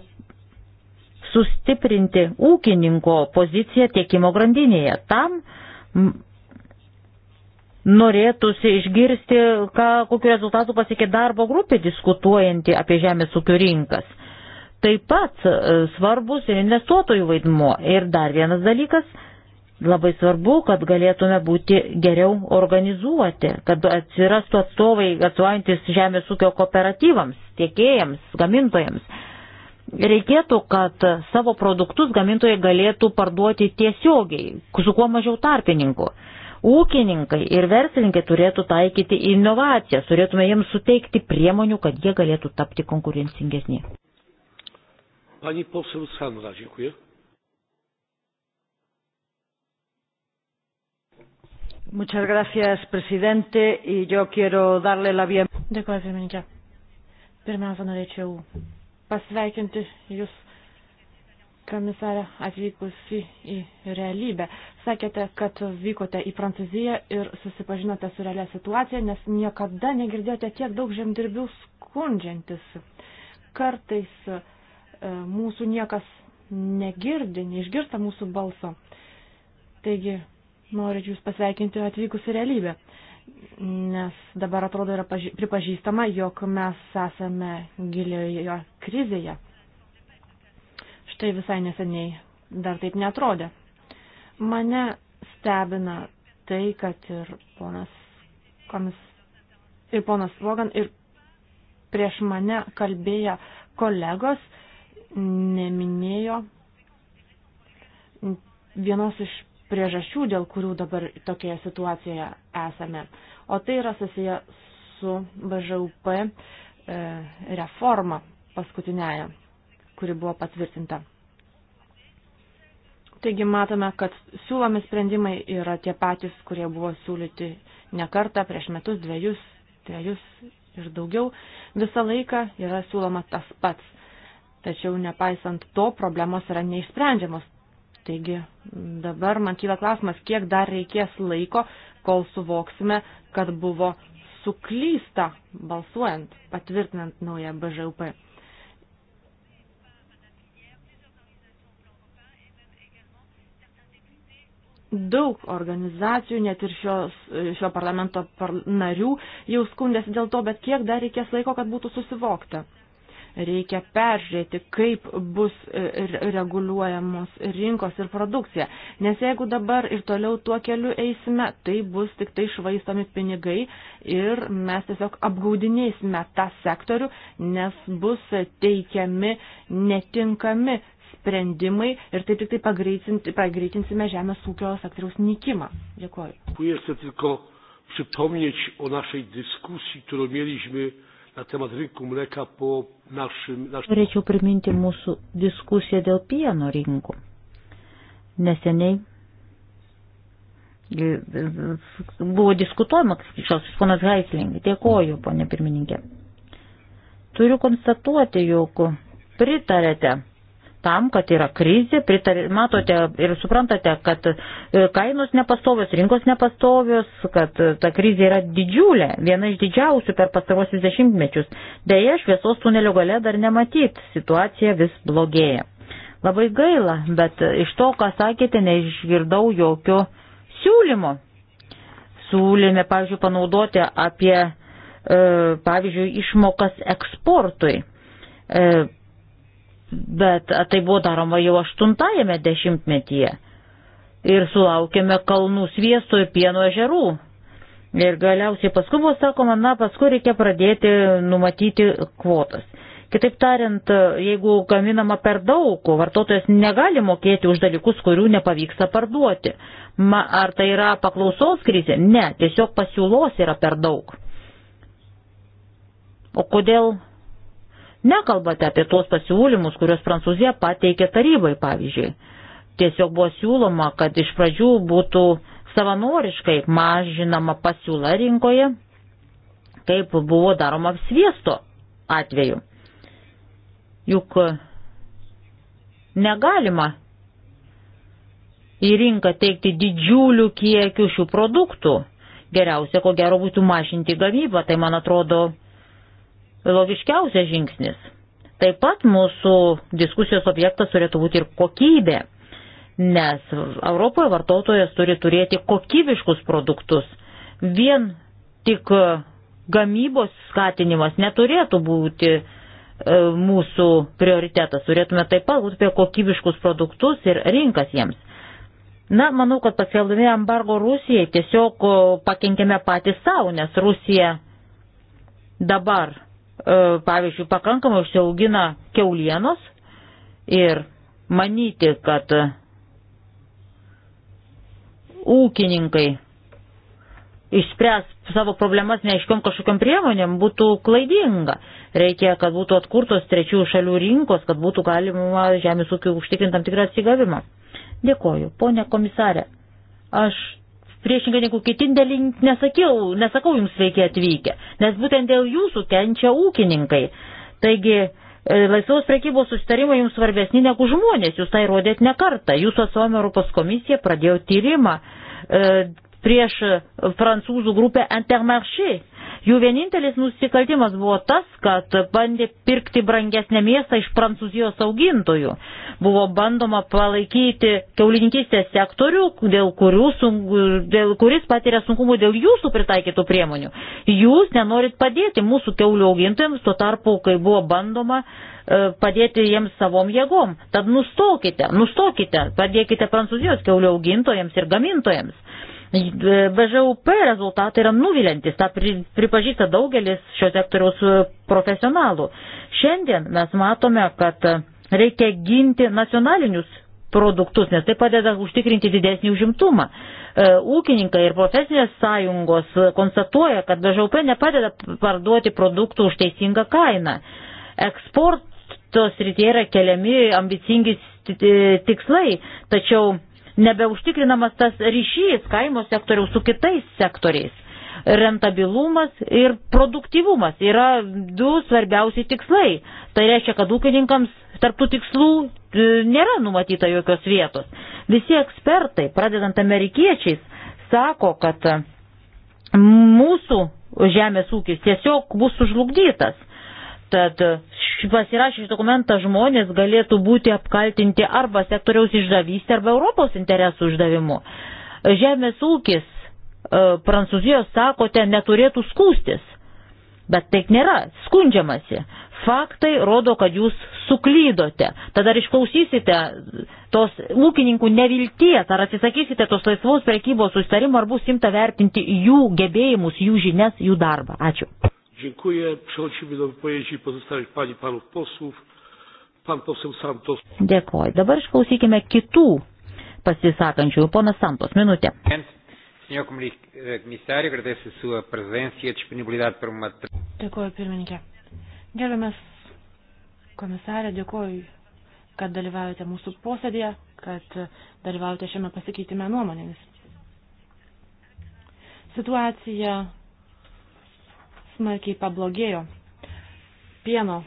C: sustiprinti ūkininko poziciją tiekimo grandinėje. Tam norėtųsi išgirsti, ką, kokiu rezultatu pasiekė darbo grupė diskutuojanti apie žemės ūkio rinkas taip pat e, svarbus ir investuotojų vaidmuo. Ir dar vienas dalykas, labai svarbu, kad galėtume būti geriau organizuoti, kad atsirastų atstovai atstovaujantis žemės ūkio kooperatyvams, tiekėjams, gamintojams. Reikėtų, kad savo produktus gamintojai galėtų parduoti tiesiogiai, su kuo mažiau tarpininkų. Ūkininkai ir verslininkai turėtų taikyti inovacijas, turėtume jiems suteikti priemonių, kad jie galėtų tapti konkurencingesni.
A: Pani poseł Sandra, dziękuję.
D: Muchas gracias, presidente, y yo quiero darle la bienvenida. Dėkuoju, pirmininkė. Pirmiausia, norėčiau pasveikinti Jūs, komisarė, atvykusi į realybę. Sakėte, kad vykote į Prancūziją ir susipažinote su realia situacija, nes niekada negirdėjote tiek daug žemdirbių skundžiantis. Kartais uh, E, mūsų niekas negirdi, neišgirsta mūsų balso. Taigi, noriu Jūs pasveikinti atvykus į realybę, nes dabar atrodo yra pripažįstama, jog mes esame gilioje krizėje. Štai visai neseniai dar taip netrodė. Mane stebina tai, kad ir ponas, komis, ir ponas Vogan, ir prieš mane kalbėję kolegos neminėjo vienos iš priežasčių, dėl kurių dabar tokioje situacijoje esame. O tai yra susiję su BŽUP e, reforma paskutiniaja, kuri buvo patvirtinta. Taigi matome, kad siūlomi sprendimai yra tie patys, kurie buvo siūlyti ne kartą, prieš metus, dviejus, trejus ir daugiau. Visą laiką yra siūloma tas pats Tačiau nepaisant to, problemos yra neišsprendžiamos. Taigi dabar man kyla klausimas, kiek dar reikės laiko, kol suvoksime, kad buvo suklysta balsuojant, patvirtinant naują BŽUP. daug organizacijų, net ir šios, šio parlamento par, narių jau skundėsi dėl to, bet kiek dar reikės laiko, kad būtų susivokta. Reikia peržiūrėti, kaip bus e, reguliuojamos rinkos ir produkcija. Nes jeigu dabar ir toliau tuo keliu eisime, tai bus tik tai švaistomi pinigai ir mes tiesiog apgaudinėsime tą sektorių, nes bus teikiami netinkami sprendimai ir taip tik tai pagreitinsime žemės ūkio sektoriaus nykimą. Dėkuoju.
A: Dėkuoju. Chcę tylko przypomnieć o naszej dyskusji, którą mieliśmy na temat rinkų mleka po naszym... Naš... Norėčiau
C: priminti mūsų diskusiją dėl pieno rinkų. Neseniai e, e, buvo diskutuojama, šios ponas Haisling, dėkoju, ponė pirmininkė. Turiu konstatuoti, jog pritarėte tam, kad yra krizė, pritar, matote ir suprantate, kad e, kainos nepastovios, rinkos nepastovios, kad e, ta krizė yra didžiulė, viena iš didžiausių per pastarosius dešimtmečius. Deja, šviesos tunelio gale dar nematyt, situacija vis blogėja. Labai gaila, bet iš to, ką sakėte, neišgirdau jokio siūlymo. Siūlėme, pavyzdžiui, panaudoti apie, e, pavyzdžiui, išmokas eksportui bet tai buvo daroma jau aštuntajame dešimtmetyje. Ir sulaukėme kalnų sviesto ir pieno ežerų. Ir galiausiai paskui buvo sakoma, na, paskui reikia pradėti numatyti kvotas. Kitaip tariant, jeigu gaminama per daug, vartotojas negali mokėti už dalykus, kurių nepavyksta parduoti. Ma, ar tai yra paklausos krizė? Ne, tiesiog pasiūlos yra per daug. O kodėl Nekalbate apie tuos pasiūlymus, kuriuos Prancūzija pateikė tarybai, pavyzdžiui. Tiesiog buvo siūloma, kad iš pradžių būtų savanoriškai mažinama pasiūla rinkoje, kaip buvo daroma sviesto atveju. Juk negalima į rinką teikti didžiulių kiekių šių produktų. Geriausia, ko gero, būtų mažinti gamybą, tai man atrodo logiškiausias žingsnis. Taip pat mūsų diskusijos objektas turėtų būti ir kokybė, nes Europoje vartotojas turi turėti kokybiškus produktus. Vien tik gamybos skatinimas neturėtų būti e, mūsų prioritetas. Turėtume taip pat būti apie kokybiškus produktus ir rinkas jiems. Na, manau, kad paskelbdami embargo Rusijai tiesiog pakenkėme patys savo, nes Rusija dabar E, pavyzdžiui, pakankamai užsiaugina keulienos ir manyti, kad ūkininkai išspręs savo problemas neaiškiom kažkokiam priemonėm būtų klaidinga. Reikia, kad būtų atkurtos trečiųjų šalių rinkos, kad būtų galima žemės ūkiu užtikrintam tikrą atsigavimą. Dėkoju. Pone komisarė, aš priešingai negu kiti dėlink nesakiau, nesakau jums sveiki atvykę, nes būtent dėl jūsų kenčia ūkininkai. Taigi, e, laisvos prekybos sustarimai jums svarbesni negu žmonės, jūs tai rodėt ne kartą. Jūsų atstovama Europos komisija pradėjo tyrimą e, prieš e, prancūzų grupę Intermarché Jų vienintelis nusikaltimas buvo tas, kad bandė pirkti brangesnę mėsą iš prancūzijos augintojų. Buvo bandoma palaikyti keulininkystės sektorių, dėl, sunku, dėl kuris patiria sunkumų dėl jūsų pritaikytų priemonių. Jūs nenorit padėti mūsų keulių augintojams, tuo tarpu, kai buvo bandoma e, padėti jiems savom jėgom. Tad nustokite, nustokite, padėkite prancūzijos keulio augintojams ir gamintojams. BŽUP rezultatai yra nuvilintis, tą pripažįsta daugelis šio sektoriaus e, profesionalų. Šiandien mes matome, kad reikia ginti nacionalinius produktus, nes tai padeda užtikrinti didesnį užimtumą. E, ūkininkai ir profesinės sąjungos konstatuoja, kad BŽUP nepadeda parduoti produktų už teisingą kainą. Eksporto srityje yra keliami ambicingi e, tikslai, tačiau nebeužtikrinamas tas ryšys kaimo sektoriaus su kitais sektoriais. Rentabilumas ir produktyvumas yra du svarbiausi tikslai. Tai reiškia, kad ūkininkams tarptų tikslų e, nėra numatyta jokios vietos. Visi ekspertai, pradedant amerikiečiais, sako, kad mūsų žemės ūkis tiesiog bus sužlugdytas Tad pasirašę šį dokumentą žmonės galėtų būti apkaltinti arba sektoriaus išdavystė, arba Europos interesų išdavimu. Žemės ūkis, e, Prancūzijos sakote, neturėtų skūstis. Bet taip nėra, skundžiamasi. Faktai rodo, kad jūs suklydote. Tada ar išklausysite tos ūkininkų nevilties, ar atsisakysite tos laisvos prekybos sustarimo, ar bus imta vertinti jų gebėjimus, jų žinias, jų darbą. Ačiū.
A: Dziękuję. Przechodzimy do wypowiedzi pozostałych pań i panów posłów. Pan poseł Santos.
C: Dėkoju. Dabar išklausykime kitų pasisakančių. Ponas Santos, minutė.
E: E
D: dėkoju, pirmininkė. Gerbiamas komisarė, dėkoju, kad dalyvaujate mūsų posėdėje, kad dalyvaujate šiame pasikeitime nuomonėmis. Situacija smarkiai pablogėjo. Pieno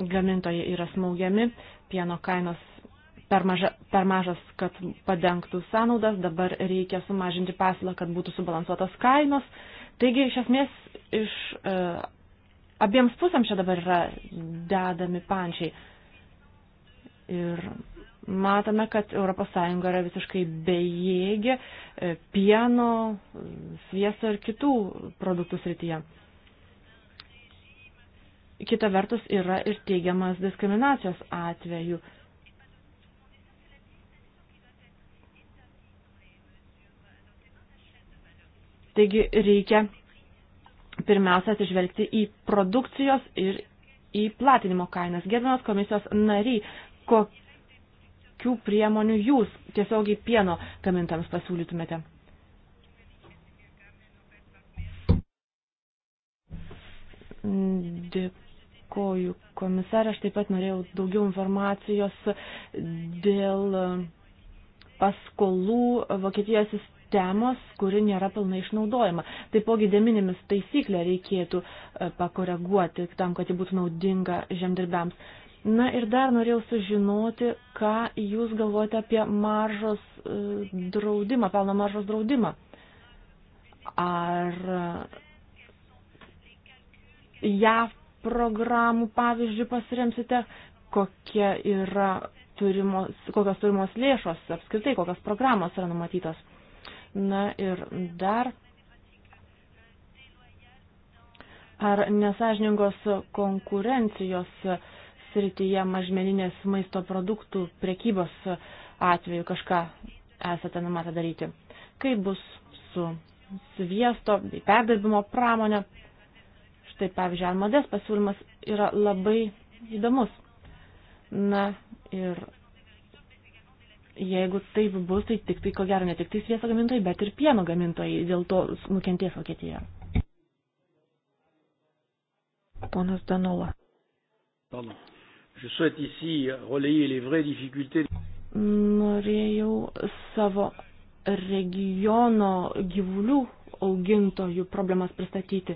D: gamintojai yra smaugiami, pieno kainos per, maža, per mažas, kad padengtų sąnaudas, dabar reikia sumažinti pasiūlą, kad būtų subalansuotos kainos. Taigi, iš esmės, iš e, abiems pusėms čia dabar yra dedami pančiai. Ir matome, kad ES yra visiškai bejėgė e, pieno, sviesto ir kitų produktų srityje kita vertus yra ir teigiamas diskriminacijos atveju. Taigi reikia pirmiausia atsižvelgti į produkcijos ir į platinimo kainas. Gerbiamas komisijos nariai, kokių priemonių jūs tiesiogiai pieno gamintams pasiūlytumėte? Dėkui. Dėkoju, komisarė. Aš taip pat norėjau daugiau informacijos dėl e, paskolų Vokietijos sistemos, kuri nėra pilnai išnaudojama. Taipogi deminimis taisyklę reikėtų e, pakoreguoti tam, kad ji būtų naudinga žemdirbiams. Na ir dar norėjau sužinoti, ką jūs galvojate apie maržos e, draudimą, pelno maržos draudimą. Ar JAV programų pavyzdžių pasiremsite, kokie yra turimos, kokios turimos lėšos, apskritai kokios programos yra numatytos. Na ir dar. Ar nesažningos konkurencijos srityje mažmeninės maisto produktų prekybos atveju kažką esate numatę daryti? Kaip bus su sviesto bei perdirbimo pramonė? Štai pavyzdžiui, Almadės pasiūlymas yra labai įdomus. Na ir jeigu taip bus, tai tik tai ko gero ne tik tai sviesto gamintojai, bet ir pieno gamintojai dėl to nukentės Vokietija. Ponas Danola.
A: Pardon. Je souhaite ici relayer les vraies difficultés.
D: Norėjau savo regiono gyvulių augintojų problemas pristatyti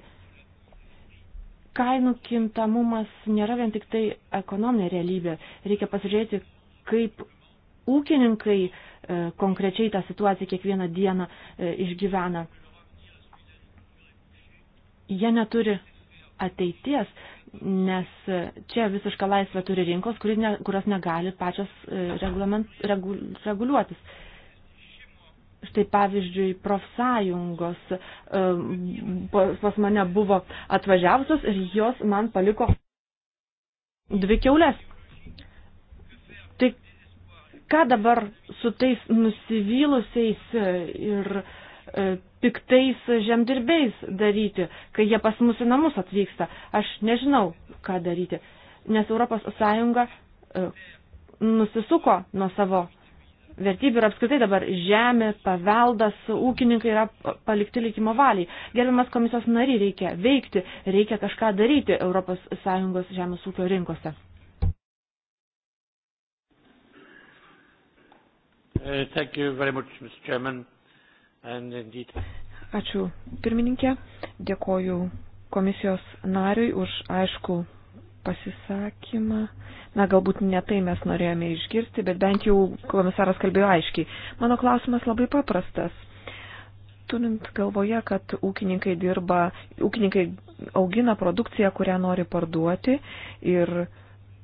D: kainų kintamumas nėra vien tik tai ekonominė realybė. Reikia pasižiūrėti, kaip ūkininkai e, konkrečiai tą situaciją kiekvieną dieną e, išgyvena. Jie neturi ateities, nes e, čia visišką laisvę turi rinkos, kurios negali pačios e, reguliuotis. Štai pavyzdžiui, profsąjungos pas mane buvo atvažiavusios ir jos man paliko dvi keulės. Tai ką dabar su tais nusivylusiais e, ir e, piktais žemdirbiais daryti, kai jie pas mūsų namus atvyksta. Aš nežinau, ką daryti, nes ES e, nusisuko nuo savo vertybių ir apskritai dabar žemė, paveldas, ūkininkai yra palikti likimo valiai. Gerbiamas komisijos nariai reikia veikti, reikia kažką daryti ES žemės ūkio rinkose.
A: Uh, thank you very much, Mr. Chairman. And indeed...
B: Ačiū pirmininkė, dėkoju komisijos nariui už aišku pasisakymą. Na, galbūt ne tai mes norėjome išgirsti, bet bent jau komisaras kalbėjo aiškiai. Mano klausimas labai paprastas. Turint galvoje, kad ūkininkai dirba, ūkininkai augina produkciją, kurią nori parduoti ir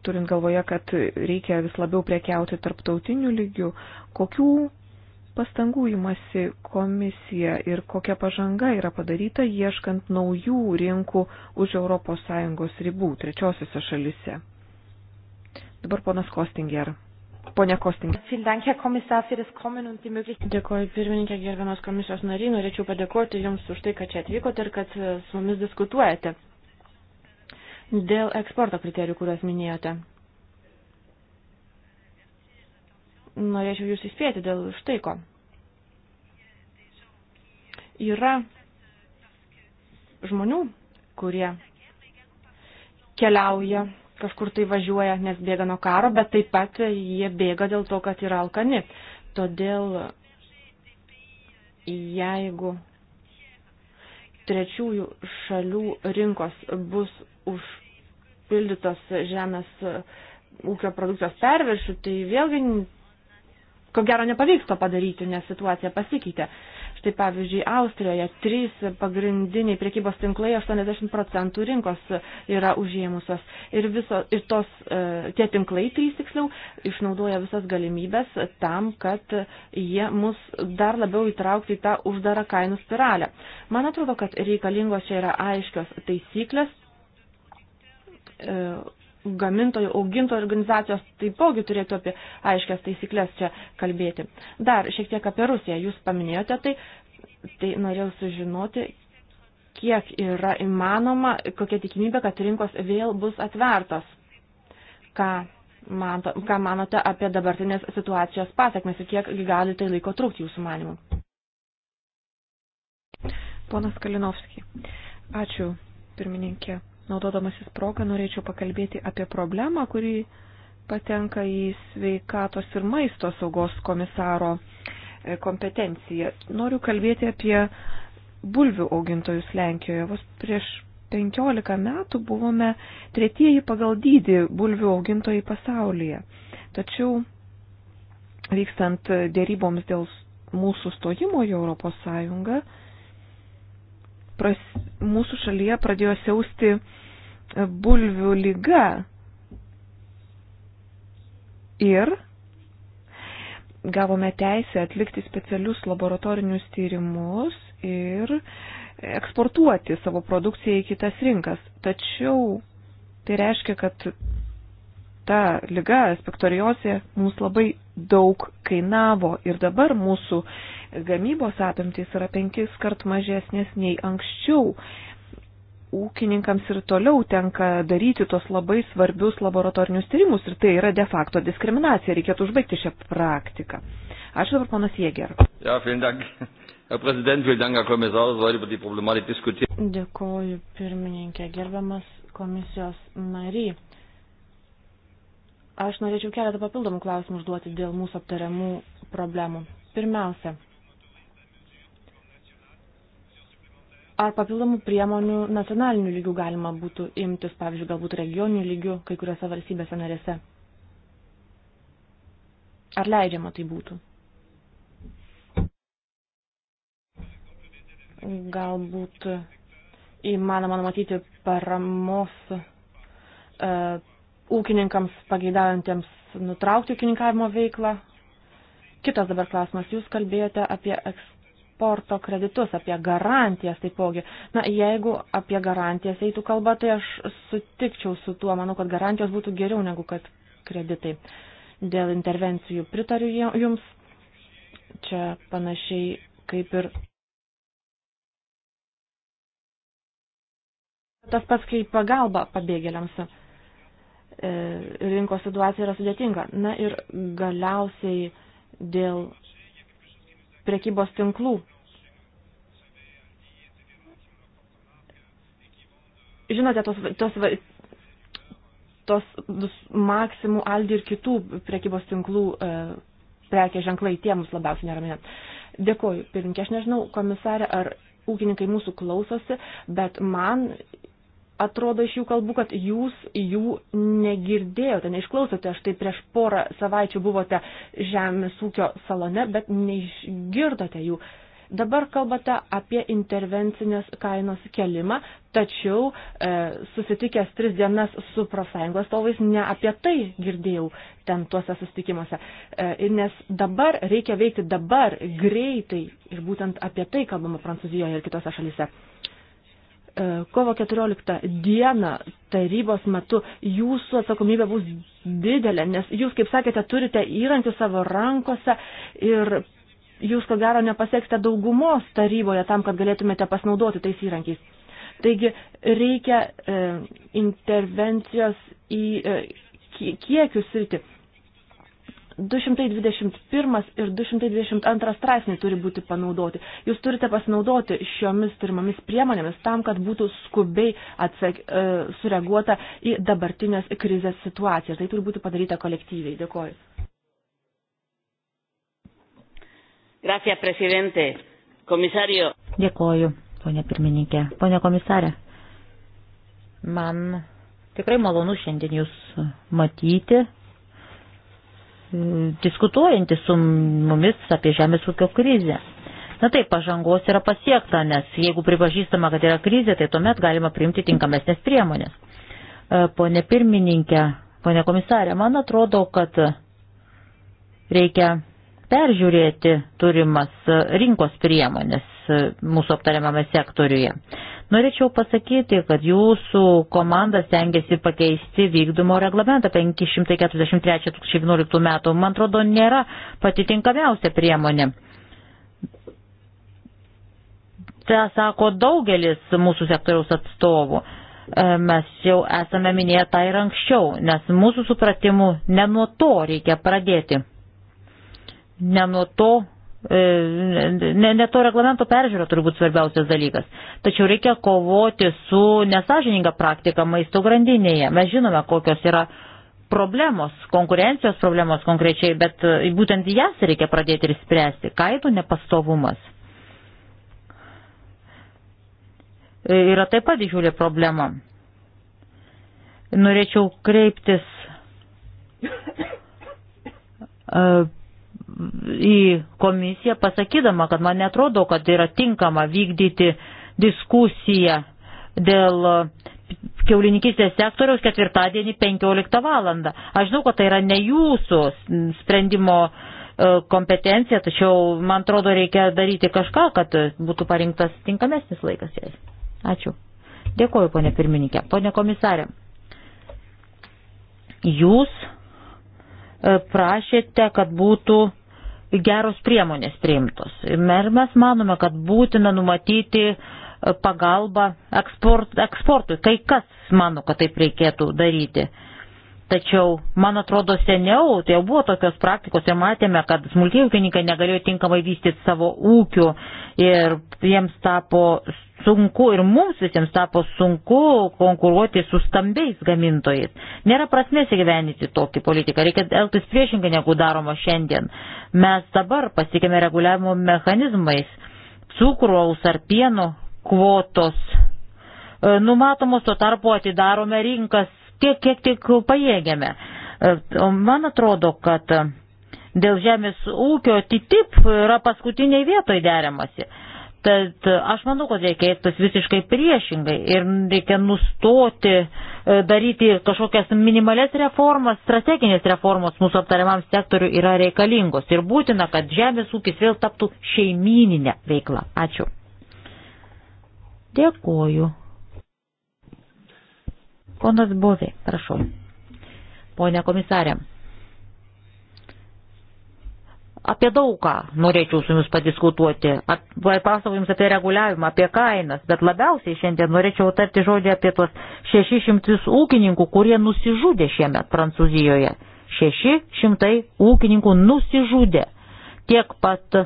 B: turint galvoje, kad reikia vis labiau prekiauti tarptautiniu lygiu, kokių pastangų imasi komisija ir kokia pažanga yra padaryta ieškant naujų rinkų už ES ribų trečiosiuose šalise. Dabar ponas Kostinger.
D: Pone Kostinger. Dėkuoju pirmininkė, gerbiamas komisijos nariai, norėčiau padėkoti Jums už tai, kad čia atvykote ir kad su mumis diskutuojate dėl eksporto kriterijų, kuriuos minėjote. norėčiau jūs įspėti dėl štai ko. Yra žmonių, kurie keliauja, kažkur tai važiuoja, nes bėga nuo karo, bet taip pat jie bėga dėl to, kad yra alkani. Todėl jeigu trečiųjų šalių rinkos bus užpildytos žemės ūkio produkcijos perviršių, tai vėlgi ko gero nepavyks to padaryti, nes situacija pasikeitė. Štai pavyzdžiui, Austrijoje trys pagrindiniai priekybos tinklai 80 procentų rinkos yra užėmusios ir, viso, ir tos, e, tie tinklai trys tiksliau išnaudoja visas galimybės tam, kad jie mus dar labiau įtraukti į tą uždarą kainų spiralę. Man atrodo, kad reikalingos čia yra aiškios taisyklės e, gamintojų, augintojų organizacijos taipogi turėtų apie aiškias taisyklės čia kalbėti. Dar šiek tiek apie Rusiją. Jūs paminėjote tai, tai norėjau sužinoti, kiek yra įmanoma, kokia tikimybė, kad rinkos vėl bus atvertos. Ką, manto, ką manote apie dabartinės situacijos pasiekmes ir kiek gali tai laiko trūkti jūsų manimu? Ponas Kalinovski. Ačiū, pirmininkė.
B: Naudodamasis progą norėčiau pakalbėti apie problemą, kuri patenka į sveikatos ir maisto saugos komisaro e, kompetenciją. Noriu kalbėti apie bulvių augintojus Lenkijoje. Vos prieš 15 metų buvome tretieji pagal dydį bulvių augintojai pasaulyje. Tačiau vykstant dėryboms dėl mūsų stojimo į Europos Sąjungą, pras, mūsų šalyje pradėjo siausti e, bulvių lyga. Ir gavome teisę atlikti specialius laboratorinius tyrimus ir eksportuoti savo produkciją į kitas rinkas. Tačiau tai reiškia, kad ta lyga, spektoriozė, mums labai daug kainavo ir dabar mūsų gamybos apimtys yra penkis kart mažesnės nei anksčiau. Ūkininkams ir toliau tenka daryti tos labai svarbius laboratorinius tyrimus ir tai yra de facto diskriminacija. Reikėtų užbaigti šią praktiką. Ačiū dabar, panas Jėger.
E: Ja, Herr Präsident, vielen Dank, Herr Kommissar, dass wir über die Problematik diskutieren.
D: Dėkoju, pirmininkė, gerbiamas komisijos nary. Aš norėčiau keletą papildomų klausimų užduoti dėl mūsų aptariamų problemų. Pirmiausia, Ar papildomų priemonių nacionalinių lygių galima būtų imtis, pavyzdžiui, galbūt regioninių lygių kai kuriuose valstybėse narėse? Ar leidžiama tai būtų? Galbūt įmanoma numatyti paramos e, ūkininkams pageidaujantiems nutraukti ūkininkavimo veiklą. Kitas dabar klausimas. Jūs kalbėjote apie eks eksporto kreditus, apie garantijas taipogi. Na, jeigu apie garantijas eitų kalba, tai aš sutikčiau su tuo, manau, kad garantijos būtų geriau negu kad kreditai. Dėl intervencijų pritariu jums. Čia panašiai kaip ir. Tas pats kaip pagalba pabėgėliams. E, rinkos situacija yra sudėtinga. Na ir galiausiai dėl prekybos tinklų. Žinote, tos, tos, tos, tos Maksimų, Aldi ir kitų prekybos tinklų e, prekės ženklai, tie mus labiausiai neramina. Dėkoju, pirminkė, aš nežinau, komisarė, ar ūkininkai mūsų klausosi, bet man atrodo iš jų kalbų, kad jūs jų negirdėjote, neišklausote. Štai prieš porą savaičių buvote žemės ūkio salone, bet neišgirdote jų. Dabar kalbate apie intervencinės kainos kelimą, tačiau e, susitikęs tris dienas su profsąjungos tovais ne apie tai girdėjau ten tuose susitikimuose. E, nes dabar reikia veikti dabar greitai ir būtent apie tai kalbama Prancūzijoje ir kitose šalyse. E, kovo 14 dieną tarybos metu jūsų atsakomybė bus didelė, nes jūs, kaip sakėte, turite įrankių savo rankose ir jūs, ko gero, nepasieksite daugumos taryboje tam, kad galėtumėte pasinaudoti tais įrankiais. Taigi reikia e, intervencijos į e, kiekius sritį. 221 ir 222 straipsniai turi būti panaudoti. Jūs turite pasinaudoti šiomis turimomis priemonėmis tam, kad būtų skubiai atsak, e, sureaguota į dabartinės krizės situaciją. Tai turi būti padaryta kolektyviai. Dėkuoju.
C: Gracias, presidente. Komisario. Dėkuoju, ponė pirmininkė. Pone komisarė, man tikrai malonu šiandien jūs matyti diskutuojantys su mumis apie žemės ūkio krizę. Na taip, pažangos yra pasiekta, nes jeigu pripažįstama, kad yra krizė, tai tuomet galima priimti tinkamesnės priemonės. E, pone pirmininkė, pone komisarė, man atrodo, kad reikia peržiūrėti turimas rinkos priemonės e, mūsų aptariamame sektoriuje. Norėčiau pasakyti, kad jūsų komanda stengiasi pakeisti vykdymo reglamentą 543-2011 metų. Man atrodo, nėra pati tinkamiausia priemonė. Ta sako daugelis mūsų sektoriaus atstovų. E, mes jau esame minėję tą ir anksčiau, nes mūsų supratimu ne nuo to reikia pradėti. Ne nuo to E, ne, ne to reglamento peržiūra turbūt svarbiausias dalykas. Tačiau reikia kovoti su nesažininga praktika maisto grandinėje. Mes žinome, kokios yra problemos, konkurencijos problemos konkrečiai, bet e, būtent jas reikia pradėti ir spręsti. Kainų nepastovumas. E, yra taip pat didžiulė problema. Norėčiau kreiptis. Uh, į komisiją pasakydama, kad man netrodo, kad tai yra tinkama vykdyti diskusiją dėl keulininkistės sektoriaus ketvirtadienį 15 valandą. Aš žinau, kad tai yra ne jūsų sprendimo e, kompetencija, tačiau man atrodo reikia daryti kažką, kad būtų parinktas tinkamesnis laikas jai. Ačiū. Dėkuoju, ponė pirmininkė. Pone komisarė, jūs e, prašėte, kad būtų geros priemonės priimtos. Ir mes manome, kad būtina numatyti e, pagalbą eksport, eksportui. Kai kas mano, kad taip reikėtų daryti. Tačiau, man atrodo, seniau tai jau buvo tokios praktikos ir matėme, kad smulkiai ūkininkai negalėjo tinkamai vystyti savo ūkių ir jiems tapo sunku ir mums visiems tapo sunku konkuruoti su stambiais gamintojais. Nėra prasmės įgyveninti tokį politiką, reikia elgtis priešingai negu daroma šiandien. Mes dabar pasiekėme reguliavimo mechanizmais cukraus ar pieno kvotos. E, numatomos tuo tarpu atidarome rinkas tiek, kiek tik pajėgiame. E, o man atrodo, kad e, dėl žemės ūkio TTIP yra paskutiniai vietoje deramasi. Tad e, aš manau, kad reikia elgtis visiškai priešingai ir reikia nustoti daryti kažkokias minimales reformas, strateginės reformos mūsų aptariamam sektoriu yra reikalingos ir būtina, kad žemės ūkis vėl taptų šeimininė veikla. Ačiū. Dėkuoju. Ponas Bovė, prašau. Pone komisarė. Apie daugą norėčiau su jumis padiskutuoti. Pasakau jums apie reguliavimą, apie kainas, bet labiausiai šiandien norėčiau tarti žodį apie tuos 600 ūkininkų, kurie nusižudė šiemet Prancūzijoje. 600 ūkininkų nusižudė. Tiek pat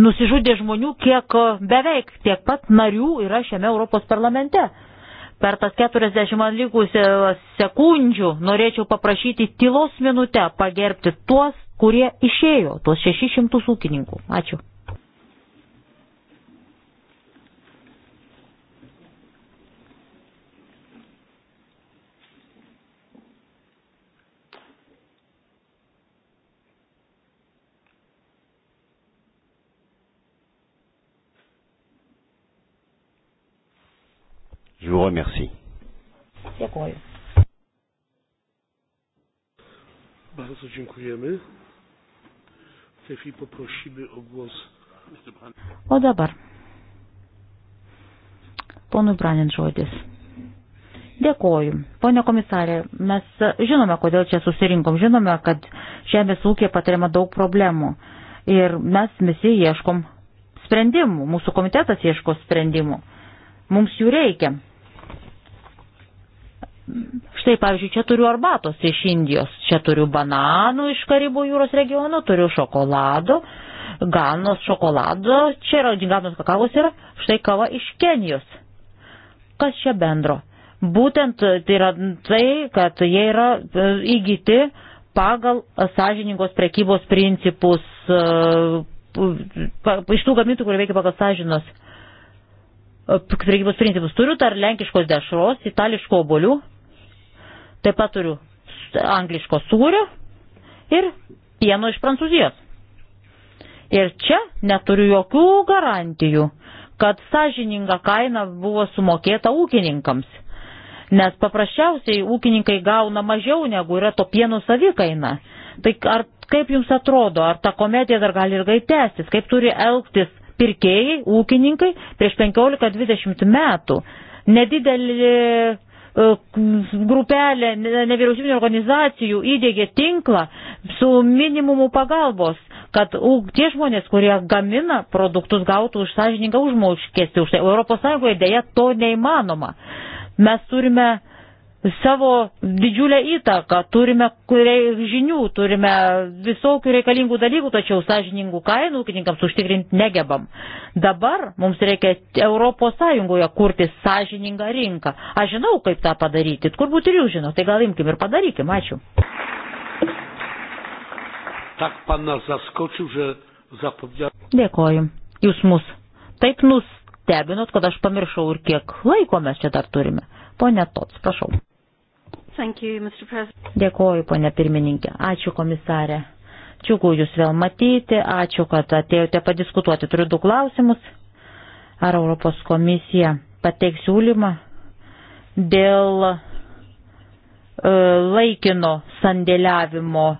C: nusižudė žmonių, kiek beveik tiek pat narių yra šiame Europos parlamente per tas 40 man likusias sekundžių norėčiau paprašyti tylos minutę pagerbti tuos, kurie išėjo, tuos 600 ūkininkų. Ačiū.
A: Je vous remercie. Dėkuoju. Bardzo dziękujemy. W tej chwili poprosimy o głos.
C: O dabar. Ponui Branin žodis. Dėkoju. Pone komisarė, mes žinome, kodėl čia susirinkom, žinome, kad žemės ūkė patiriama daug problemų ir mes visi ieškom sprendimų, mūsų komitetas ieško sprendimų, mums jų reikia. Štai, pavyzdžiui, čia turiu arbatos iš Indijos, čia turiu bananų iš Karibų jūros regiono, turiu šokolado, ganos šokolado, čia yra ganos kakavos ir štai kava iš Kenijos. Kas čia bendro? Būtent e, tai yra tai, kad jie yra e, įgyti pagal sąžiningos prekybos principus, e, iš tų gamintų, kurie veikia pagal sąžinos prekybos principus. Turiu dar lenkiškos dešros, itališko obolių, taip pat turiu angliško sūrio ir pieno iš Prancūzijos. Ir čia neturiu jokių garantijų, kad sąžininga kaina buvo sumokėta ūkininkams. Nes paprasčiausiai ūkininkai gauna mažiau negu yra to pieno savikaina. Tai ar kaip jums atrodo, ar ta komedija dar gali ilgai tęstis, kaip turi elgtis pirkėjai, ūkininkai prieš 15-20 metų nedidelį e, grupelė nevyriausybinio organizacijų įdėgė tinklą su minimumu pagalbos, kad tie žmonės, kurie gamina produktus, gautų už sąžininką užmokestį už tai. Europos Sąjungoje dėja to neįmanoma. Mes turime savo didžiulę įtaką, turime žinių, turime visokių reikalingų dalykų, tačiau sąžiningų kainų ūkininkams užtikrinti negebam. Dabar mums reikia ES kurti sąžiningą rinką. Aš žinau, kaip tą padaryti, turbūt ir jūs žinote, tai gal imkim ir padarykim, ačiū.
A: Tak pan nas zaskočił, że zapomniałem.
C: Dėkoju. Jūs mus taip nustebinot, kad aš pamiršau ir kiek laiko mes čia dar turime. Pone Tots, prašau. You, Dėkoju, ponė pirmininkė. Ačiū, komisarė. Čiūgu jūs vėl matyti, ačiū, kad atėjote padiskutuoti. Turiu du klausimus. Ar Europos komisija pateiks siūlymą dėl e, laikino sandėliavimo e,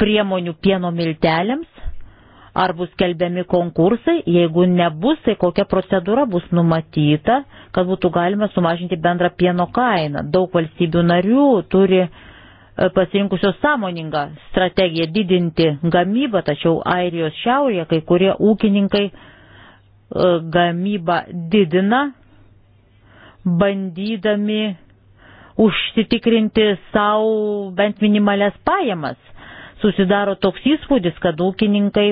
C: priemonių pieno miltelėms? ar bus kelbiami konkursai, jeigu nebus, tai kokia procedūra bus numatyta, kad būtų galima sumažinti bendrą pieno kainą. Daug valstybių narių turi e, pasirinkusios sąmoningą strategiją didinti gamybą, tačiau Airijos šiaurėje kai kurie ūkininkai e, gamybą didina, bandydami užsitikrinti savo bent minimales pajamas. Susidaro toks įspūdis, kad ūkininkai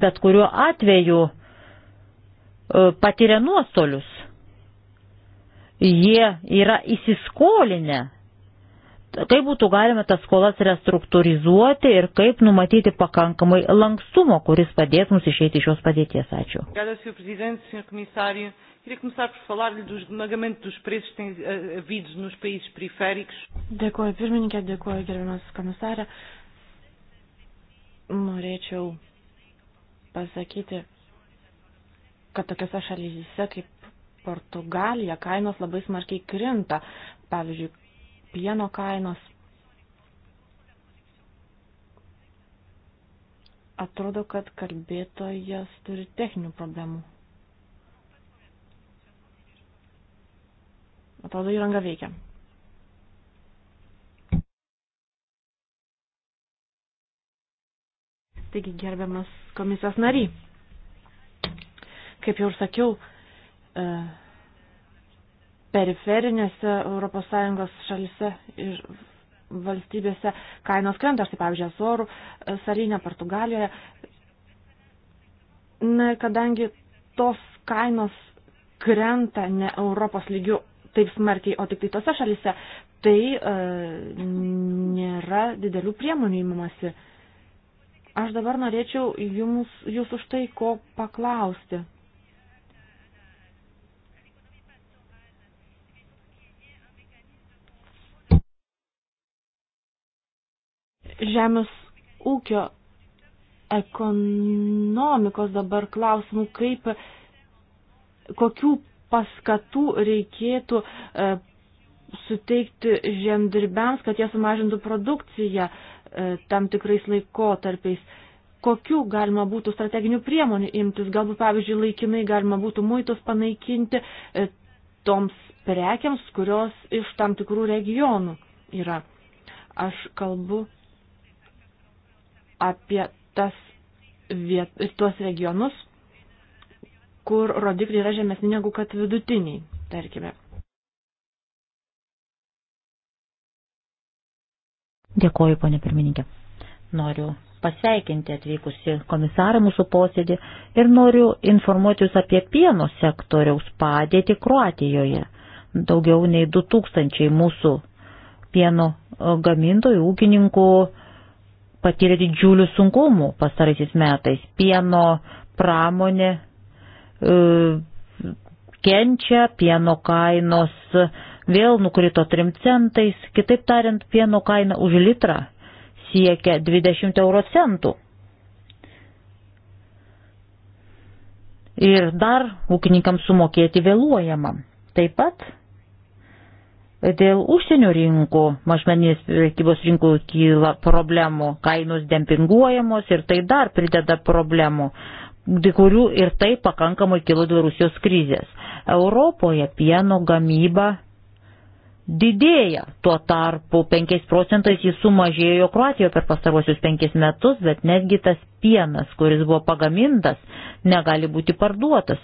C: bet kuriuo atveju e, patiria nuostolius. Jie yra įsiskolinę. Kaip būtų galima tas skolas restruktūrizuoti ir kaip numatyti pakankamai lankstumo, kuris padės mums išeiti iš šios padėties.
D: Ačiū. Eh, dėkuoju pirmininkė, dėkuoju gerbiamas komisarė. Norėčiau pasakyti, kad tokiose šalyse kaip Portugalija kainos labai smarkiai krinta. Pavyzdžiui, pieno kainos. Atrodo, kad kalbėtojas turi techninių problemų. Atrodo, įranga veikia. Taigi, gerbiamas komisijos nary, kaip jau ir sakiau, e, periferinėse ES šalise ir valstybėse kainos krenta, štai pavyzdžiui, Azorų, e, Salinė, Portugalijoje. Na, kadangi tos kainos krenta ne Europos lygių taip smarkiai, o tik tai tose šalise, tai e, nėra didelių priemonių įmamasi. E, Aš dabar norėčiau jums, jūs už tai ko paklausti. Žemės ūkio ekonomikos dabar klausimų, kaip, kokių paskatų reikėtų e, suteikti žemdirbiams, kad jie sumažintų produkciją. E, E, tam tikrais laikotarpiais. Kokių galima būtų strateginių priemonių imtis? Galbūt, pavyzdžiui, laikinai galima būtų muitus panaikinti e, toms prekiams, kurios iš tam tikrų regionų yra. Aš kalbu apie tas viet, tuos regionus, kur rodikliai yra žemesni negu kad vidutiniai, tarkime.
C: Dėkoju, ponė pirmininkė. Noriu pasveikinti atvykusi komisarą mūsų posėdį ir noriu informuoti Jūs apie pieno sektoriaus padėtį Kroatijoje. Daugiau nei 2000 mūsų pieno e, gamintojų, ūkininkų patyrė didžiulių sunkumų pastaraisiais metais. Pieno pramonė e, kenčia, pieno kainos e, vėl nukrito 3 centais, kitaip tariant, pieno kaina už litrą siekia 20 euro centų. Ir dar ūkininkams sumokėti vėluojama. Taip pat dėl užsienio rinkų, mažmeninės prekybos rinkų kyla problemų, kainos dempinguojamos ir tai dar prideda problemų, kurių ir tai pakankamai kilo dėl Rusijos krizės. Europoje pieno gamyba didėja. Tuo tarpu 5 procentais jis sumažėjo Kroatijoje per pastarosius 5 metus, bet netgi tas pienas, kuris buvo pagamintas, negali būti parduotas,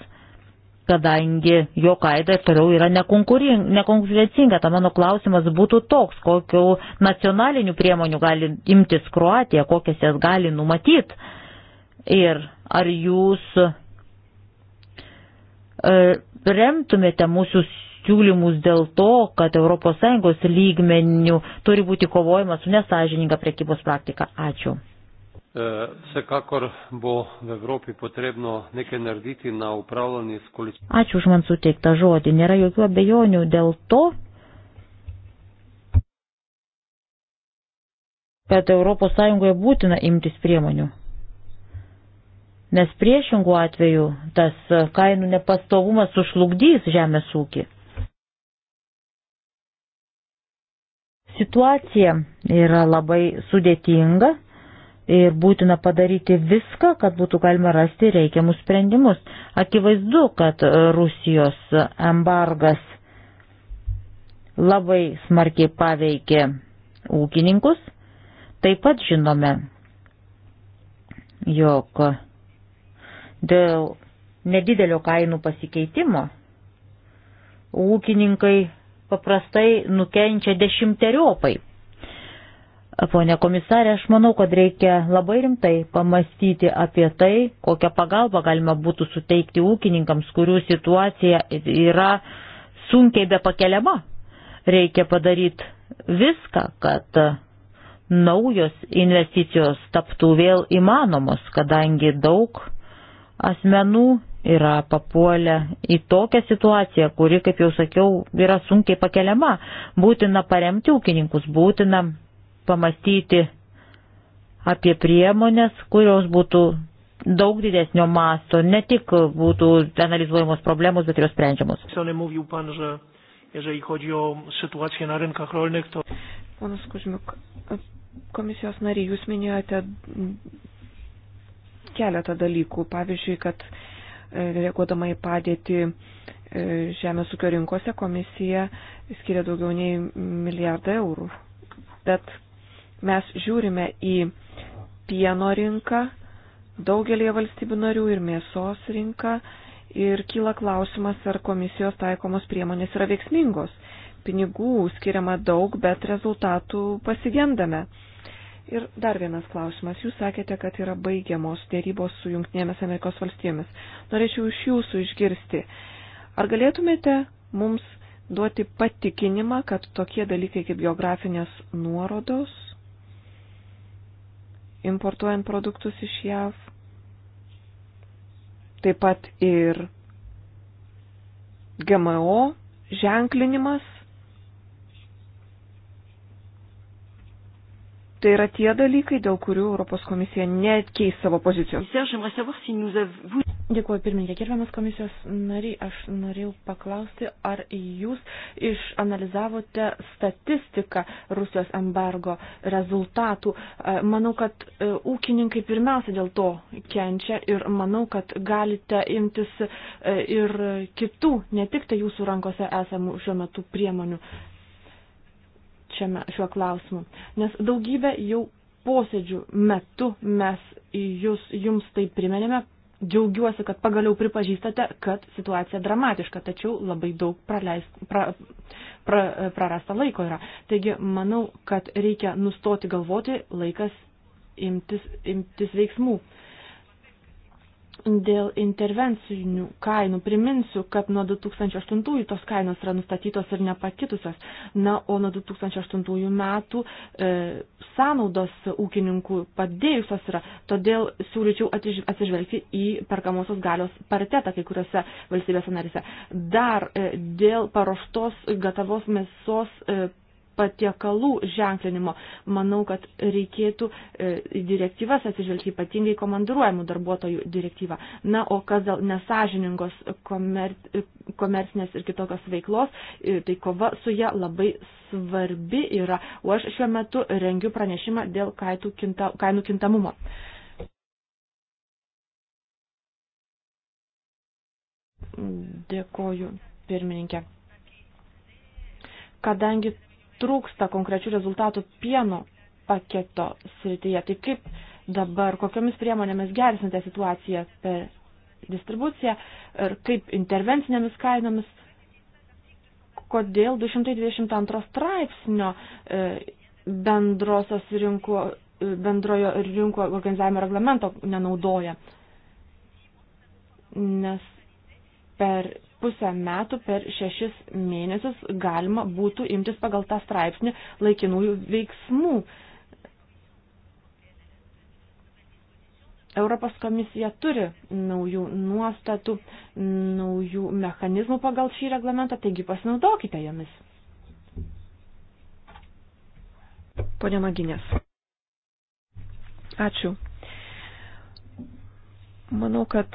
C: kadangi jo kaida ir toliau yra nekonkurencinga. Ta mano klausimas būtų toks, kokiu nacionaliniu priemoniu gali imtis Kroatija, kokias jas gali numatyti. Ir ar jūs e, remtumėte mūsų siūlymus dėl to, kad ES lygmenių turi būti kovojama su nesažininga prekybos praktika. Ačiū.
E: E, vsekakor bo v Evropi potrebno nekaj narediti na upravljanju s količinami.
C: Ačiū už man suteiktą žodį. Nėra jokių abejonių dėl to, kad ES būtina imtis priemonių. Nes priešingų atveju tas kainų nepastovumas sušlugdys žemės ūkį. Situacija yra labai sudėtinga ir būtina padaryti viską, kad būtų galima rasti reikiamus sprendimus. Akivaizdu, kad Rusijos embargas labai smarkiai paveikė ūkininkus. Taip pat žinome, jog dėl nedidelio kainų pasikeitimo ūkininkai paprastai nukenčia dešimteriopai. Pone komisarė, aš manau, kad reikia labai rimtai pamastyti apie tai, kokią pagalbą galima būtų suteikti ūkininkams, kurių situacija yra sunkiai be pakeliama. Reikia padaryti viską, kad naujos investicijos taptų vėl įmanomos, kadangi daug asmenų yra papuolę į tokią situaciją, kuri, kaip jau sakiau, yra sunkiai pakeliama. Būtina paremti ūkininkus, būtina pamastyti apie priemonės, kurios būtų daug didesnio masto, ne tik būtų analizuojamos problemos, bet ir jos sprendžiamos.
B: Ponas Kužmiuk, komisijos nariai, jūs minėjote keletą dalykų. Pavyzdžiui, kad uh, reaguodama į padėtį e, žemės ūkio rinkose komisija skiria daugiau nei milijardą eurų. Bet mes žiūrime į pieno rinką daugelį valstybių narių ir mėsos rinką ir kyla klausimas, ar komisijos taikomos priemonės yra veiksmingos. Pinigų skiriama daug, bet rezultatų pasigendame. Ir dar vienas klausimas. Jūs sakėte, kad yra baigiamos dėrybos su Junktinėmis Amerikos valstijomis. Norėčiau iš jūsų išgirsti, ar galėtumėte mums duoti patikinimą, kad tokie dalykai kaip geografinės nuorodos, importuojant produktus iš JAV, taip pat ir GMO ženklinimas Tai yra tie
D: dalykai, dėl kurių Europos
B: komisija netkeis savo pozicijos.
D: Dėkuoju pirmininkė, gerbiamas komisijos nariai, aš norėjau paklausti, ar jūs išanalizavote statistiką Rusijos embargo rezultatų. E, manau, kad e, ūkininkai pirmiausia dėl to kenčia ir manau, kad galite imtis e, ir kitų, ne tik tai jūsų rankose esamų šiuo metu priemonių šiame, šiuo klausimu. Nes daugybę jau posėdžių metu mes jūs, jums tai primenėme. Džiaugiuosi, kad pagaliau pripažįstate, kad situacija dramatiška, tačiau labai daug praleis, pra, pra, prarasta laiko yra. Taigi, manau, kad reikia nustoti galvoti, laikas imtis, imtis veiksmų. Uh, dėl intervencinių kainų. Priminsiu, kad nuo 2008 tos kainos yra nustatytos ir nepakitusios. Na, o nuo 2008 metų e, sąnaudos ūkininkų padėjusios yra. Todėl siūlyčiau atsižvelgti į perkamosios galios paritetą kai kuriuose valstybėse narise. Dar e, dėl paruoštos gatavos mėsos e, patiekalų ženklinimo. Manau, kad reikėtų e, į direktyvas atsižvelgti ypatingai komandiruojamų darbuotojų direktyvą. Na, o kas dėl nesažiningos komer... komercinės ir kitokios veiklos, e, tai kova su ją labai svarbi yra. O aš šiuo metu rengiu pranešimą dėl kinta... kainų kintamumo. Dėkoju, pirmininkė. Kadangi trūksta konkrečių rezultatų pieno paketo srityje. Tai kaip dabar, kokiamis priemonėmis gerisinate situaciją per distribuciją ir kaip intervencinėmis kainomis, kodėl 222 straipsnio e, bendrosios rinko, e, bendrojo rinko organizavimo reglamento nenaudoja. Nes per pusę metų per šešis mėnesius galima būtų imtis pagal tą straipsnį laikinųjų veiksmų. Europos komisija turi naujų nuostatų, naujų mechanizmų pagal šį reglamentą, taigi pasinaudokite jomis.
B: Pone Maginės. Ačiū. Manau, kad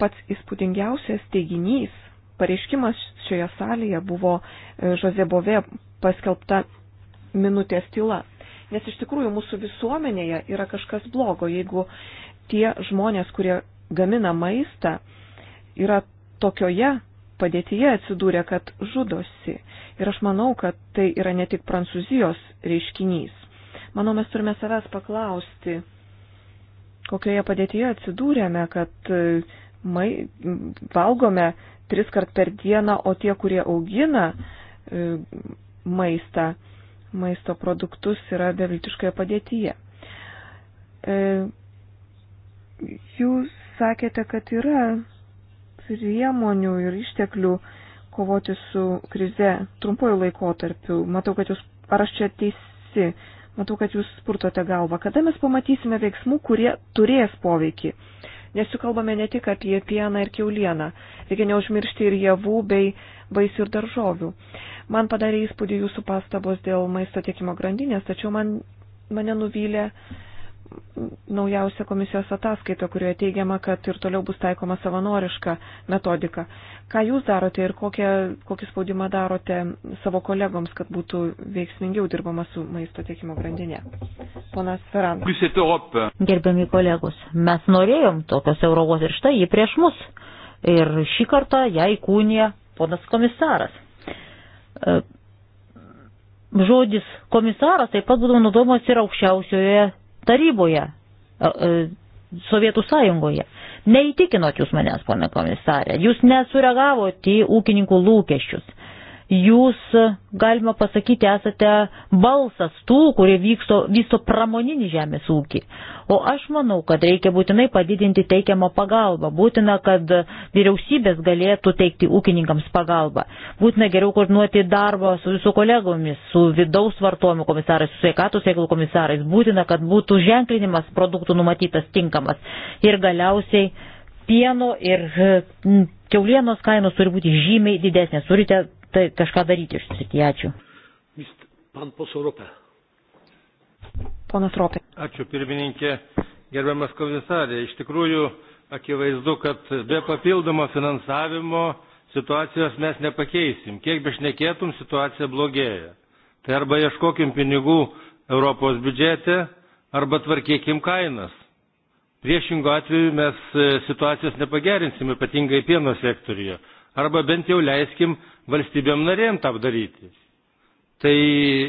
B: pats įspūdingiausias teiginys pareiškimas šioje salėje buvo Žozė e, Bovė paskelbta minutės tyla. Nes iš tikrųjų mūsų visuomenėje yra kažkas blogo, jeigu tie žmonės, kurie gamina maistą, yra tokioje padėtyje atsidūrė, kad žudosi. Ir aš manau, kad tai yra ne tik Prancūzijos reiškinys. Manau, mes turime savęs paklausti, kokioje padėtyje atsidūrėme, kad e, mai, valgome tris kart per dieną, o tie, kurie augina e, maistą, maisto produktus yra beviltiškoje padėtyje. E, jūs sakėte, kad yra priemonių ir išteklių kovoti su krize trumpuoju laikotarpiu. Matau, kad jūs, ar aš čia teisi, matau, kad jūs spurtote galvą. Kada mes pamatysime veiksmų, kurie turės poveikį? Uh, Nes juk kalbame ne tik apie pieną ir keulieną, reikia neužmiršti ir javų bei vaisių ir daržovių. Man padarė įspūdį jūsų pastabos dėl maisto tiekimo grandinės, tačiau man, mane nuvylė naujausia komisijos ataskaita, kurioje teigiama, kad ir toliau bus taikoma savanoriška metodika. Ką jūs darote ir kokią, kokį spaudimą darote savo kolegoms, kad būtų veiksmingiau dirbama su maisto tiekimo grandinė? Ponas Ferran. Gerbiami kolegos,
C: mes norėjom tokios Europos ir štai ji prieš mus. Ir šį kartą ją įkūnė ponas komisaras. E, žodis komisaras taip pat būdavo naudojamas ir aukščiausioje taryboje, e, e, Sovietų sąjungoje. Neįtikinot jūs manęs, pone komisarė, jūs nesureagavote į ūkininkų lūkesčius jūs, galima pasakyti, esate balsas tų, kurie vyksto, vysto pramoninį žemės ūkį. O aš manau, kad reikia būtinai padidinti teikiamą pagalbą. Būtina, kad vyriausybės galėtų teikti ūkininkams pagalbą. Būtina geriau koordinuoti darbą su jūsų kolegomis, su vidaus vartojimo komisarais, su sveikatos reikalų komisarais. Būtina, kad būtų ženklinimas produktų numatytas tinkamas. Ir galiausiai pieno ir mm, kiaulienos kainos turi būti žymiai didesnės. Turite tai kažką daryti iš srityje.
B: Ačiū.
A: Pan Posorupė.
B: Ponas Ropė.
E: Ačiū pirmininkė, gerbiamas komisarė. Iš tikrųjų, akivaizdu, kad be papildomo finansavimo situacijos mes nepakeisim. Kiek bešnekėtum, situacija blogėja. Tai arba ieškokim pinigų Europos biudžete, arba tvarkėkim kainas. Priešingo atveju mes e, situacijos nepagerinsim, ypatingai pieno sektorijoje arba bent jau leiskim valstybėm narėm tą daryti. Tai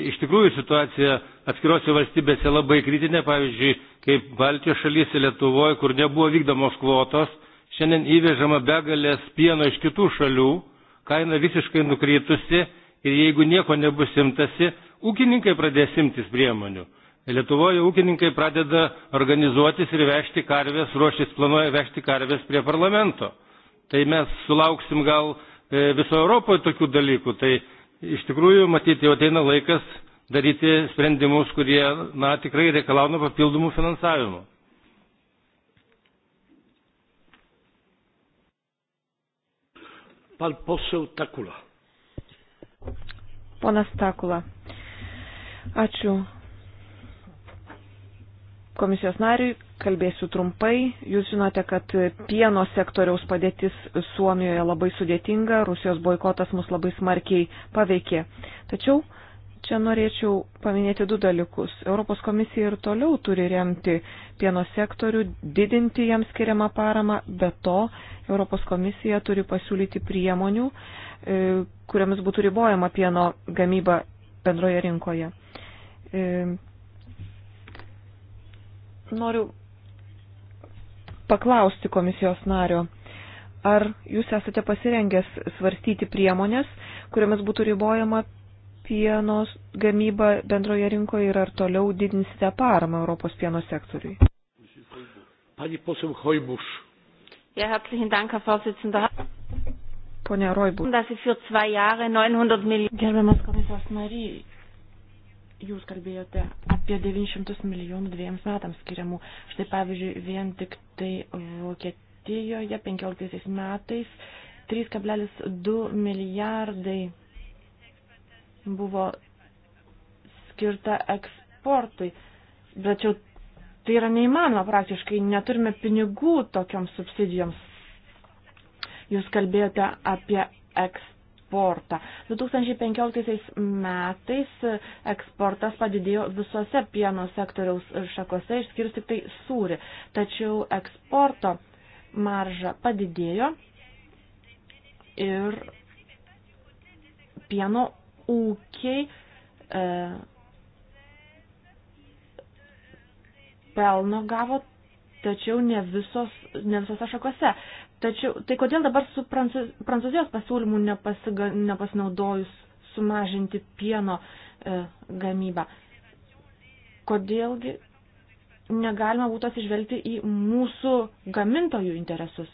E: iš tikrųjų situacija atskirose valstybėse labai kritinė, pavyzdžiui, kaip Baltijos šalyse Lietuvoje, kur nebuvo vykdomos kvotos, šiandien įvežama begalės pieno iš kitų šalių, kaina visiškai nukritusi ir jeigu nieko nebus imtasi, ūkininkai pradės imtis priemonių. Lietuvoje ūkininkai pradeda organizuotis ir vežti karvės, ruošis planuoja vežti karvės prie parlamento tai mes sulauksim gal e, viso Europoje tokių dalykų. Tai iš tikrųjų, matyti, jau ateina laikas daryti sprendimus, kurie na, tikrai reikalauna
A: papildomų finansavimų. Pan poseł Takula.
B: Ponas Takula. Ačiū komisijos nariui. Kalbėsiu trumpai. Jūs žinote, kad pieno sektoriaus padėtis Suomijoje labai sudėtinga, Rusijos boikotas mus labai smarkiai paveikė. Tačiau čia norėčiau paminėti du dalykus. Europos komisija ir toliau turi remti pieno sektorių, didinti jam skiriamą paramą, be to Europos komisija turi pasiūlyti priemonių, e, kuriamis būtų ribojama pieno gamyba bendroje rinkoje e, noriu paklausti komisijos nario, ar jūs esate pasirengęs svarstyti priemonės, kuriamis būtų ribojama pieno gamyba bendroje rinkoje ir ar toliau didinsite paramą Europos pieno sektoriui?
A: Pani posėm Hoibuš.
D: Ja, herzlichen Dank, Herr Vorsitzender. Pone Roibu. Gerbiamas komisijos nariai, Jūs kalbėjote apie 900 milijonų dviems metams skiriamų. Štai pavyzdžiui, vien tik tai Vokietijoje 15 metais 3,2 milijardai buvo skirta eksportui. Tačiau tai yra neįmanoma praktiškai, neturime pinigų tokioms subsidijoms. Jūs kalbėjote apie eksportą eksportą. 2015 metais eksportas padidėjo visose pieno sektoriaus šakose, išskyrus tik tai sūri. Tačiau eksporto marža padidėjo ir pieno ūkiai e, pelno gavo, tačiau ne, visos, ne visose šakose. Tačiau, tai kodėl dabar su prancūz, prancūzijos pasiūlymu nepasiga, nepasinaudojus sumažinti pieno e, gamybą? Kodėlgi negalima būtų atsižvelgti į mūsų gamintojų interesus?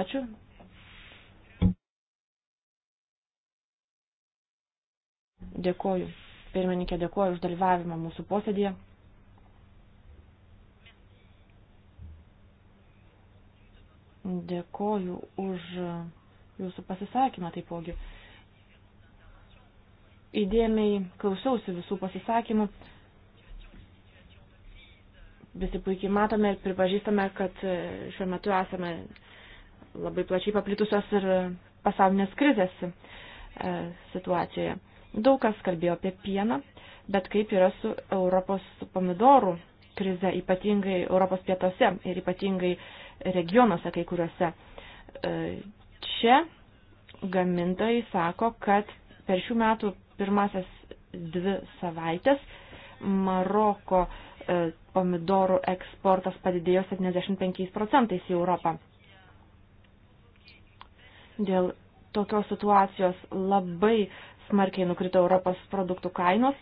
D: Ačiū. Dėkoju. Pirmininkė, dėkoju už dalyvavimą mūsų posėdėje. Dėkoju už jūsų pasisakymą taipogi. Įdėmiai klausiausi visų pasisakymų. Visi puikiai matome ir pripažįstame, kad šiuo metu esame labai plačiai paplitusios ir pasaulinės krizės e, situacijoje. Daug kas kalbėjo apie pieną, bet kaip yra su Europos pomidorų krize, ypatingai Europos pietose ir ypatingai uh, regionuose kai kuriuose. E, čia gamintojai sako, kad per šių metų pirmasis dvi savaitės Maroko e, pomidorų eksportas padidėjo 75 procentais į Europą. Dėl tokios situacijos labai smarkiai nukrito Europos produktų kainos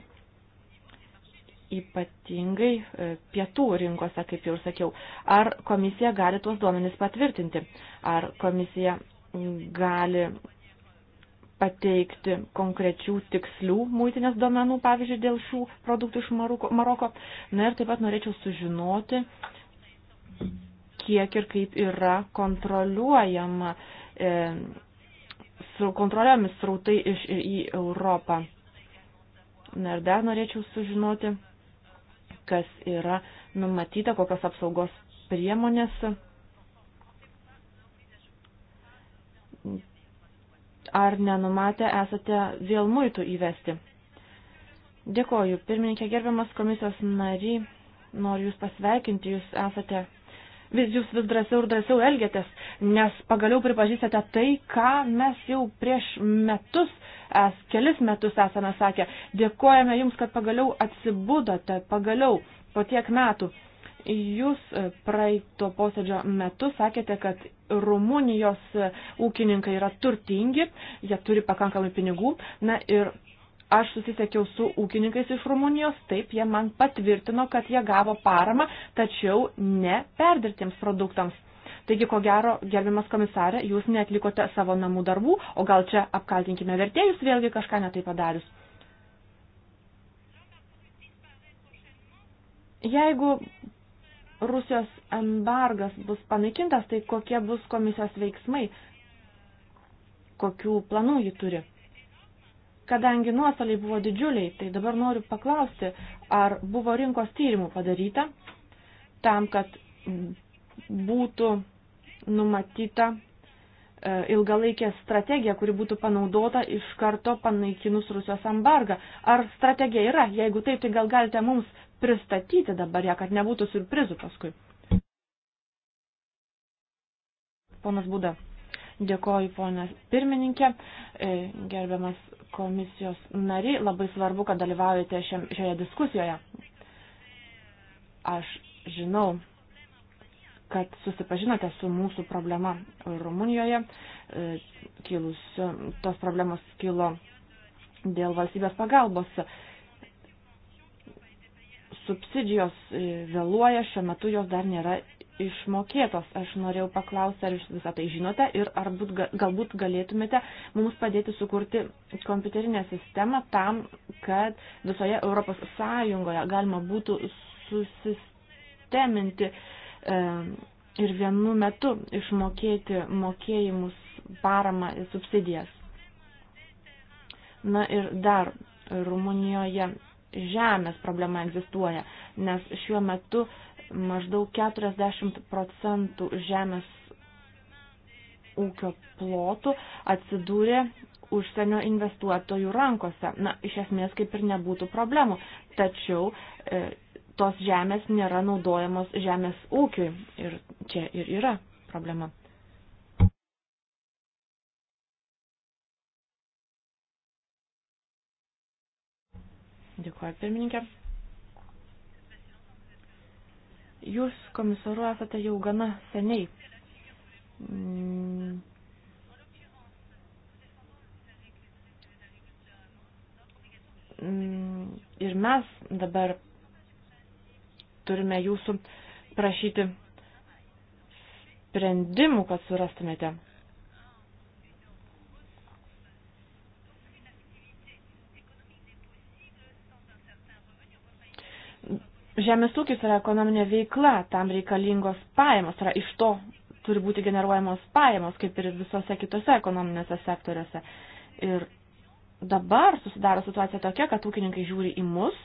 D: ypatingai e, pietų rinkose, kaip jau ir sakiau. Ar komisija gali tuos duomenys patvirtinti? Ar komisija gali pateikti konkrečių tikslių mūtinės duomenų, pavyzdžiui, dėl šių produktų iš Maruko, Maroko. Na ir taip pat norėčiau sužinoti, kiek ir kaip yra kontroliuojama, e, su kontroliuojami srautai iš į Europą. Na ir dar norėčiau sužinoti, kas yra numatyta, kokios apsaugos priemonės. Ar nenumatę esate vėl muitų įvesti? Dėkoju. Pirmininkė gerbiamas komisijos nary, noriu Jūs pasveikinti, Jūs esate vis jūs vis drąsiau ir drąsiau elgiatės, nes pagaliau pripažįstate tai, ką mes jau prieš metus es kelis metus esame sakę, dėkojame Jums, kad pagaliau atsibudote, pagaliau po tiek metų. Jūs e, praeito posėdžio metu sakėte, kad Rumunijos e, ūkininkai yra turtingi, jie turi pakankamai pinigų. Na ir aš susisiekiau su ūkininkais iš Rumunijos, taip jie man patvirtino, kad jie gavo paramą, tačiau ne perdirtiems produktams. Taigi, ko gero, gerbiamas komisarė, jūs netlikote savo namų darbų, o gal čia apkaltinkime vertėjus vėlgi kažką netai padarius. Jeigu Rusijos embargas bus panaikintas, tai kokie bus komisijos veiksmai, kokių planų ji turi. Kadangi nuostoliai buvo didžiuliai, tai dabar noriu paklausti, ar buvo rinkos tyrimų padaryta tam, kad būtų numatyta e, ilgalaikė strategija, kuri būtų panaudota iš karto panaikinus Rusijos embargą. Ar strategija yra? Jeigu taip, tai gal galite mums pristatyti dabar ją, kad nebūtų surprizų paskui. Ponas Būda. Dėkoju, ponės pirmininkė, e, gerbiamas komisijos nari, labai svarbu, kad dalyvaujate šioje diskusijoje. Aš žinau, kad susipažinote su mūsų problema Rumunijoje. E, kilus, e, tos problemos kilo dėl valstybės pagalbos. Subsidijos e, vėluoja, šiuo metu jos dar nėra išmokėtos. Aš norėjau paklausti, ar jūs visą tai žinote ir ar būt, galbūt galėtumėte mums padėti sukurti kompiuterinę sistemą tam, kad visoje Europos Sąjungoje galima būtų susisteminti uh, ir vienu metu išmokėti mokėjimus paramą ir subsidijas. Na ir dar Rumunijoje žemės problema egzistuoja, nes šiuo metu maždaug 40 procentų žemės ūkio plotų atsidūrė užsienio investuotojų rankose. Na, iš esmės kaip ir nebūtų problemų, tačiau e, tos žemės nėra naudojamos žemės ūkiui. Ir čia ir yra problema. Dėkuoju, pirmininkė. Jūs komisaru esate jau gana seniai. Mm. Mm. Ir mes dabar turime jūsų prašyti sprendimų, kad surastumėte. Žemės ūkis yra ekonominė veikla, tam reikalingos pajamos, tai yra iš to turi būti generuojamos pajamos, kaip ir visose kitose ekonominėse sektoriuose. Ir dabar susidaro situacija tokia, kad ūkininkai žiūri į mus,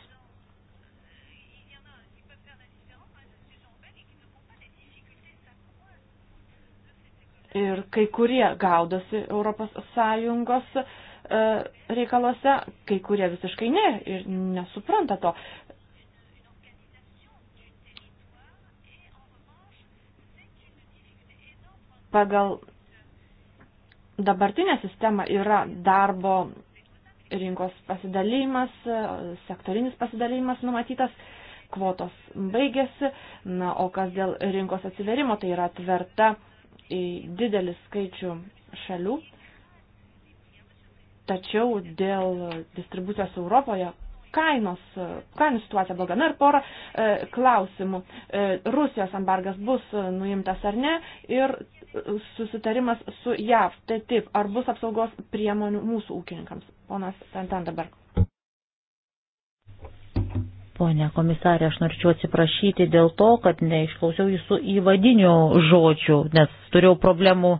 D: ir kai kurie gaudosi ES e, reikaluose, kai kurie visiškai ne ir nesupranta to. Pagal dabartinę sistemą yra darbo rinkos pasidalymas, e, sektorinis pasidalymas numatytas, kvotos baigėsi, na, o kas dėl rinkos atsiverimo, tai yra atverta uh, į didelį skaičių šalių, tačiau dėl distribucijos Europoje kainos, kainų situacija bloga. Na ir porą e, klausimų. E, Rusijos embargas bus nuimtas ar ne ir susitarimas su JAV, tai taip, ar bus apsaugos priemonių mūsų ūkininkams. Ponas Tantandaberg.
C: Pone komisarė, aš norėčiau atsiprašyti dėl to, kad neišklausiau jūsų įvadinių žodžių, nes turėjau problemų e,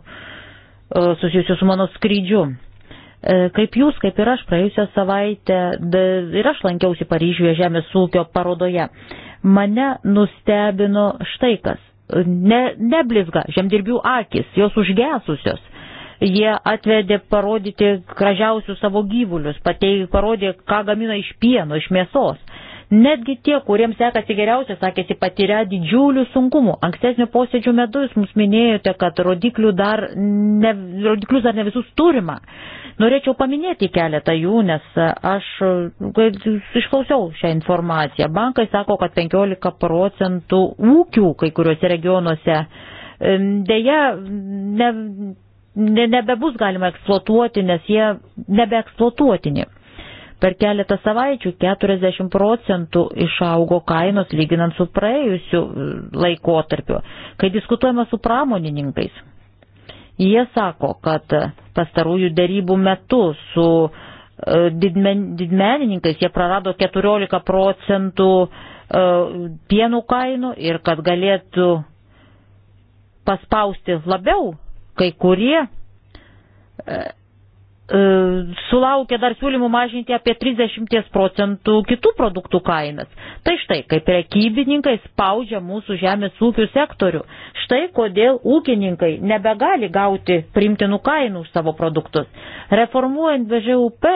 C: susijusių su mano skrydžiu. E, kaip jūs, kaip ir aš, praėjusią savaitę ir aš lankiausi Paryžiuje žemės ūkio parodoje. Mane nustebino štai kas. Ne, neblizga žemdirbių akis, jos užgesusios jie atvedė parodyti gražiausius savo gyvulius, patei, parodė, ką gamina iš pieno, iš mėsos. Netgi tie, kuriems sekasi geriausia, sakėsi, patiria didžiulių sunkumų. Ankstesnio posėdžio metu jūs mums minėjote, kad rodiklių dar ne, rodiklius dar ne visus turima. Norėčiau paminėti keletą jų, nes aš išklausiau šią informaciją. Bankai sako, kad 15 procentų ūkių kai kuriuose regionuose dėja ne, ne, nebebus galima eksploatuoti, nes jie nebeeksploatuotini. Per keletą savaičių 40 procentų išaugo kainos lyginant su praėjusiu e, laikotarpiu. Kai diskutuojame su pramonininkais, jie sako, kad pastarųjų dėrybų metu su e, didmen, didmenininkais jie prarado 14 procentų e, pienų kainų ir kad galėtų paspausti labiau kai kurie E, sulaukė dar siūlymų mažinti apie 30 procentų kitų produktų kainas. Tai štai, kaip prekybininkai spaudžia mūsų žemės ūkių sektorių. Štai kodėl ūkininkai nebegali gauti primtinų kainų už savo produktus. Reformuojant BŽUP,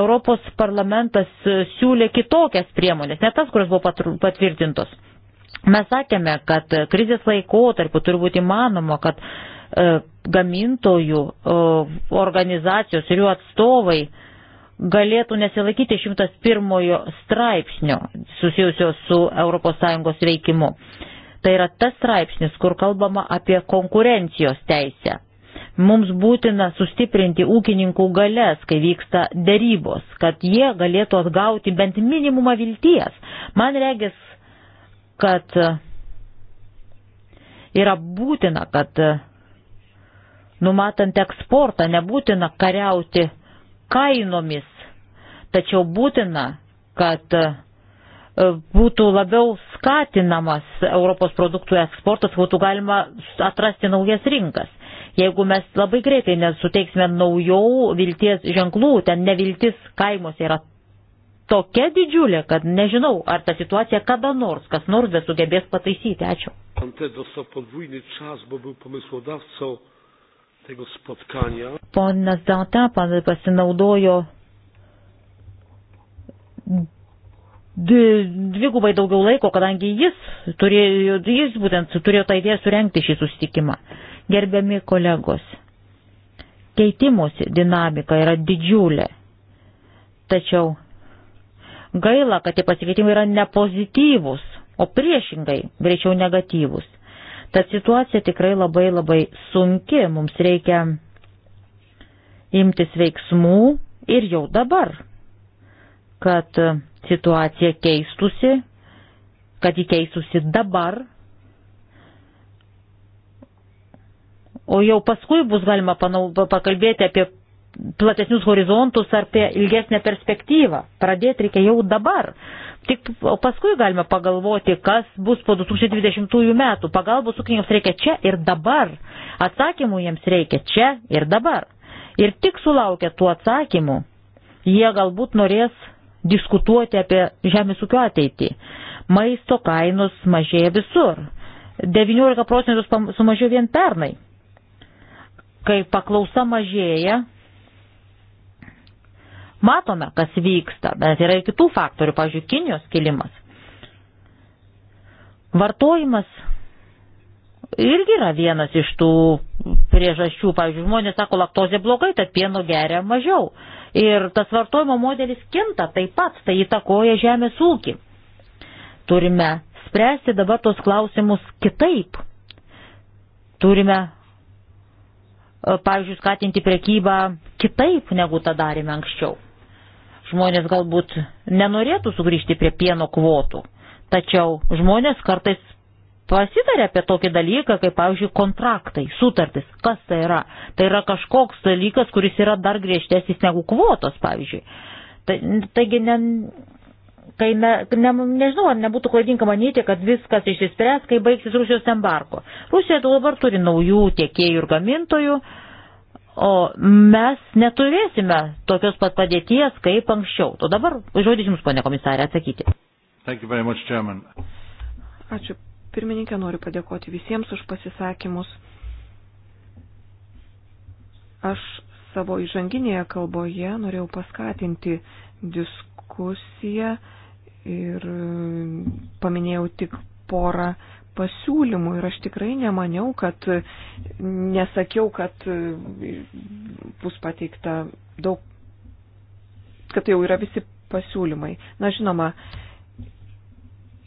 C: Europos parlamentas siūlė kitokias priemonės, ne tas, kurios buvo patvirtintos. Mes sakėme, kad krizės laikotarpiu turi būti manoma, kad E, gamintojų e, organizacijos ir jų atstovai galėtų nesilaikyti 101 straipsnio susijusio su ES veikimu. Tai yra tas straipsnis, kur kalbama apie konkurencijos teisę. Mums būtina sustiprinti ūkininkų galės, kai vyksta dėrybos, kad jie galėtų atgauti bent minimumą vilties. Man regis, kad yra būtina, kad Numatant eksportą nebūtina kariauti kainomis, tačiau būtina, kad e, būtų labiau skatinamas Europos produktų eksportas, būtų galima atrasti naujas rinkas. Jeigu mes labai greitai nesuteiksime naujų vilties ženklų, ten neviltis kaimuose yra tokia didžiulė, kad nežinau, ar ta situacija kada nors, kas nors besugebės pataisyti. Ačiū.
A: Antė dostał podwójny czas, bo był pomysłodawcą tego spotkania.
C: Ponas Danta pasinaudojo dvigubai daugiau laiko, kadangi jis, turėjo, jis būtent turėjo tą idėją surenkti šį susitikimą. Gerbiami kolegos, keitimosi dinamika yra didžiulė. Tačiau gaila, kad tie pasikeitimai yra ne pozityvus, o priešingai, greičiau negatyvus. Tad situacija tikrai labai labai sunki, mums reikia imtis veiksmų ir jau dabar, kad situacija keistusi, kad ji keistusi dabar, o jau paskui bus galima panau, pakalbėti apie platesnius horizontus ar apie ilgesnę perspektyvą. Pradėti reikia jau dabar. Tik paskui galime pagalvoti, kas bus po 2020 metų. Pagalbos ūkininkams reikia čia ir dabar. Atsakymų jiems reikia čia ir dabar. Ir tik sulaukę tų atsakymų, jie galbūt norės diskutuoti apie žemės ūkio ateitį. Maisto kainos mažėja visur. 19 procentus sumažėjo vien pernai. Kai paklausa mažėja, Matome, kas vyksta, bet yra ir kitų faktorių, pavyzdžiui, Kinijos kilimas. Vartojimas irgi yra vienas iš tų priežasčių. Pavyzdžiui, žmonės sako, laktozė blogai, tad pieno geria mažiau. Ir tas vartojimo modelis kinta taip pat, tai įtakoja žemės ūkį. Turime spręsti dabar tos klausimus kitaip. Turime, e, pavyzdžiui, skatinti prekybą kitaip, negu tą darėme anksčiau. Žmonės galbūt nenorėtų sugrįžti prie pieno kvotų, tačiau žmonės kartais pasitarė apie tokį dalyką, kaip, pavyzdžiui, kontraktai, sutartis. Kas tai yra? Tai yra kažkoks dalykas, kuris yra dar griežtesnis negu kvotos, pavyzdžiui. Ta, taigi, ne, kai ne, ne, nežinau, ar nebūtų klaidinga manyti, kad viskas išsispręs, kai baigsis Rusijos embargo. Rusija dabar turi naujų tiekėjų ir gamintojų, uh, o mes neturėsime tokios pat padėties kaip anksčiau. O
B: dabar žodis Jums, ponė komisarė, atsakyti. Much, German. Ačiū. Pirmininkė, noriu padėkoti visiems už pasisakymus. Aš savo įžanginėje kalboje norėjau paskatinti diskusiją ir paminėjau tik porą pasiūlymų ir aš tikrai nemaniau, kad nesakiau, kad e, bus pateikta daug, kad tai jau yra visi pasiūlymai. Na žinoma,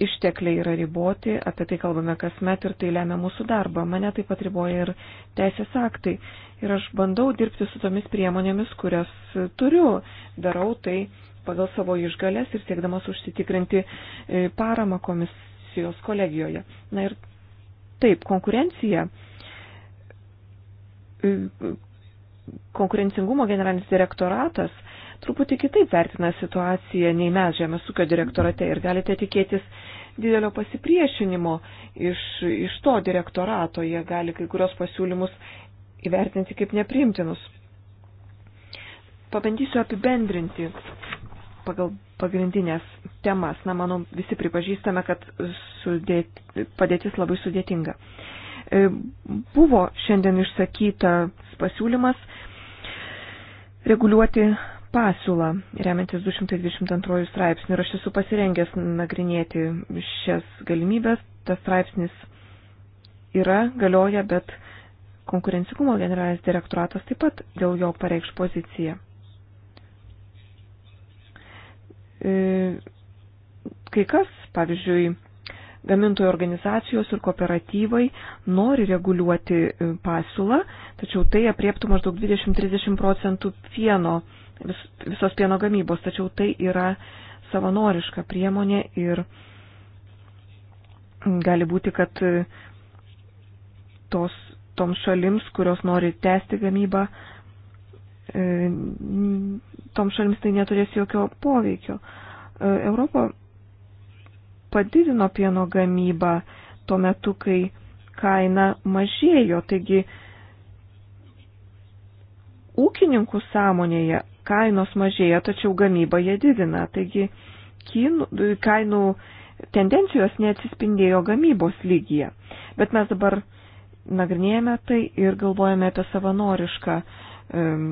B: ištekliai yra riboti, apie tai kalbame kasmet ir tai lemia mūsų darbą. Mane taip pat riboja ir teisės aktai. Ir aš bandau dirbti su tomis priemonėmis, kurias turiu. Darau tai pagal savo išgalės ir siekdamas užsitikrinti e, paramą komis, komisijos kolegijoje. Na ir taip, konkurencija. E, konkurencingumo generalinis direktoratas truputį kitaip vertina situaciją nei mes Žemės ūkio direktorate ir galite tikėtis didelio pasipriešinimo iš, iš to direktorato. Jie gali kai kurios pasiūlymus įvertinti kaip neprimtinus. Pabandysiu apibendrinti pagal pagrindinės temas. Na, manau, visi pripažįstame, kad sudėt, padėtis labai sudėtinga. E, buvo šiandien išsakytas pasiūlymas reguliuoti pasiūlą, remiantis 222 straipsnių. Ir aš esu pasirengęs nagrinėti šias galimybės. Tas straipsnis yra, galioja, bet konkurencingumo generalinis direktoratas taip pat dėl jo pareikš poziciją. E, kai kas, pavyzdžiui, gamintojų organizacijos ir kooperatyvai nori reguliuoti e, pasiūlą, tačiau tai apriektų maždaug 20-30 procentų pieno, vis, visos pieno gamybos, tačiau tai yra savanoriška priemonė ir gali būti, kad e, tos, toms šalims, kurios nori tęsti gamybą, tom šalims tai neturės jokio poveikio. E, Europa padidino pieno gamybą tuo metu, kai kaina mažėjo, taigi ūkininkų sąmonėje kainos mažėja, tačiau gamyba jie didina. Taigi kinų, kainų tendencijos neatsispindėjo gamybos lygyje. Bet mes dabar nagrinėjame tai ir galvojame apie savanorišką um,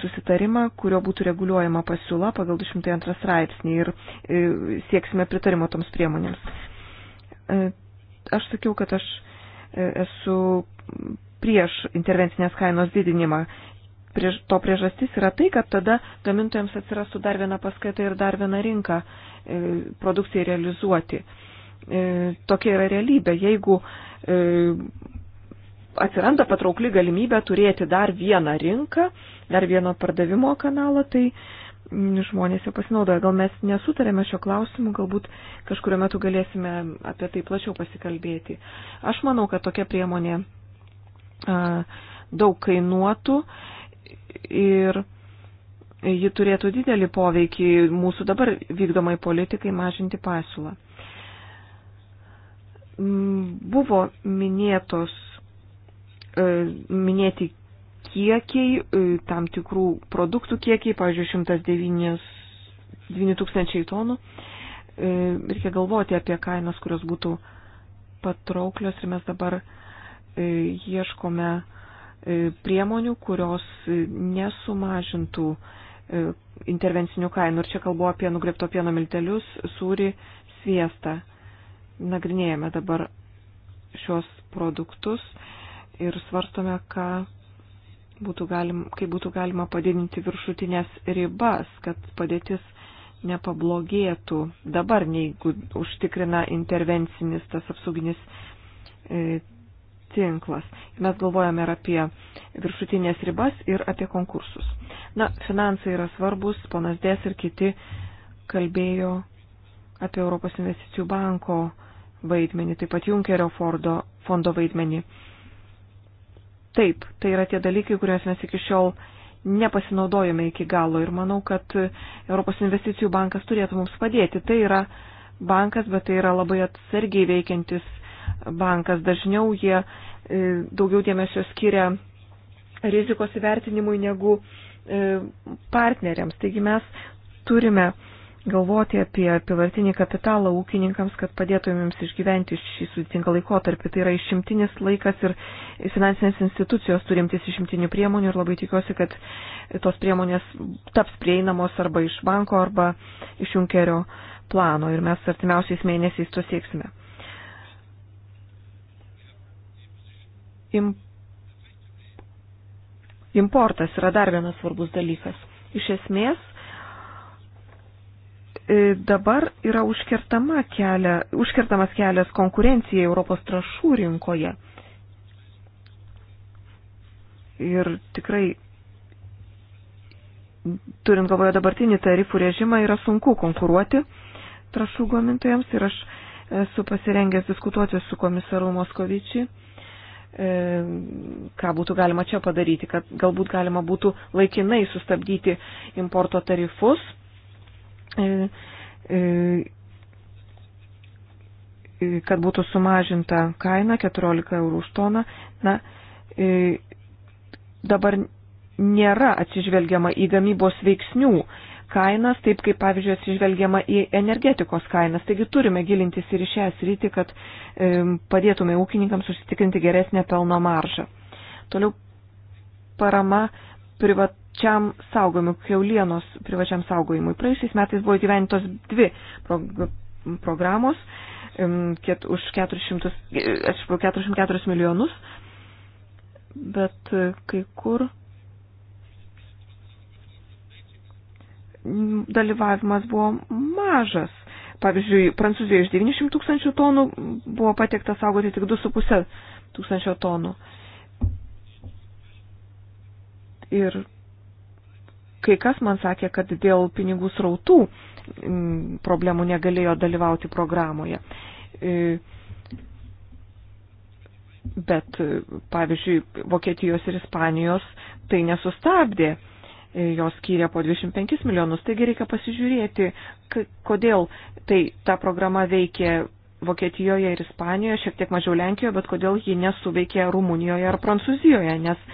B: susitarimą, kurio būtų reguliuojama pasiūla pagal 202 straipsnį ir e, sieksime pritarimo toms priemonėms. E, aš sakiau, kad aš e, esu prieš intervencinės kainos didinimą. Priež, to priežastis yra tai, kad tada gamintojams atsirastų dar viena paskaita ir dar viena rinka e, produkcijai realizuoti. E, tokia yra realybė. Jeigu e, atsiranda patraukli galimybė turėti dar vieną rinką, dar vieną pardavimo kanalą, tai žmonės jau pasinaudoja. Gal mes nesutarėme šio klausimu, galbūt kažkurio metu galėsime apie tai plačiau pasikalbėti. Aš manau, kad tokia priemonė a, daug kainuotų ir ji turėtų didelį poveikį mūsų dabar vykdomai politikai mažinti pasiūlą. Buvo minėtos E, minėti kiekiai, e, tam tikrų produktų kiekiai, pavyzdžiui, 109 tūkstančiai tonų. E, reikia galvoti apie kainas, kurios būtų patrauklios ir mes dabar ieškome priemonių, kurios nesumažintų intervencinių kainų. Ir čia kalbu apie nugrepto pieno miltelius, sūrį, sviestą. Nagrinėjame dabar šios produktus ir svarstome, ką būtų galim, kaip būtų galima padidinti viršutinės ribas, kad padėtis nepablogėtų dabar, neigu užtikrina intervencinis tas apsauginis e, tinklas. Mes galvojame ir apie viršutinės ribas ir apie konkursus. Na, finansai yra svarbus, ponas Dės ir kiti kalbėjo apie Europos investicijų banko vaidmenį, taip pat Junkerio Fordo, fondo vaidmenį. Taip, tai yra tie dalykai, kuriuos mes iki šiol nepasinaudojame iki galo ir manau, kad Europos investicijų bankas turėtų mums padėti. Tai yra bankas, bet tai yra labai atsargiai veikiantis bankas. Dažniau jie e, daugiau dėmesio skiria rizikos įvertinimui negu e, partneriams. Taigi mes turime galvoti apie apivartinį kapitalą ūkininkams, kad padėtumėms išgyventi šį sudėtingą laikotarpį. Tai yra išimtinis laikas ir finansinės institucijos turimtis išimtinių priemonių ir labai tikiuosi, kad tos priemonės taps prieinamos arba iš banko, arba iš Junkerio plano ir mes artimiausiais mėnesiais to sieksime. Importas yra dar vienas svarbus dalykas. Iš esmės, E, dabar yra užkertama kelia, užkertamas kelias konkurencijai Europos trašų rinkoje. Ir tikrai, turint galvoje dabartinį tarifų režimą, yra sunku konkuruoti trašų gamintojams ir aš esu pasirengęs diskutuoti su komisaru Moskovičiu e, ką būtų galima čia padaryti, kad galbūt galima būtų laikinai sustabdyti importo tarifus E, e, kad būtų sumažinta kaina 14 eurų už toną. Na, e, dabar nėra atsižvelgiama į gamybos veiksnių kainas, taip kaip, pavyzdžiui, atsižvelgiama į energetikos kainas. Taigi turime gilintis ir į šią sritį, kad padėtume ūkininkams susitikrinti geresnę pelno maržą. Toliau parama privat, privačiam saugojimui, keulienos privačiam saugojimui. Praėjusiais metais buvo įgyventos dvi prog programos kiet, už 400, 404 e, milijonus, bet e, kai kur dalyvavimas buvo mažas. Pavyzdžiui, Prancūzijoje iš 900 tūkstančių tonų buvo patekta saugoti tik 2,5 tūkstančio tonų. Ir Kai kas man sakė, kad dėl pinigų srautų mm, problemų negalėjo dalyvauti programoje. E, bet, pavyzdžiui, Vokietijos ir Ispanijos tai nesustabdė. E, jos skyrė po 25 milijonus, taigi reikia pasižiūrėti, kodėl tai ta programa veikė Vokietijoje ir Ispanijoje, šiek tiek mažiau Lenkijoje, bet kodėl ji nesuveikė Rumunijoje ar Prancūzijoje, nes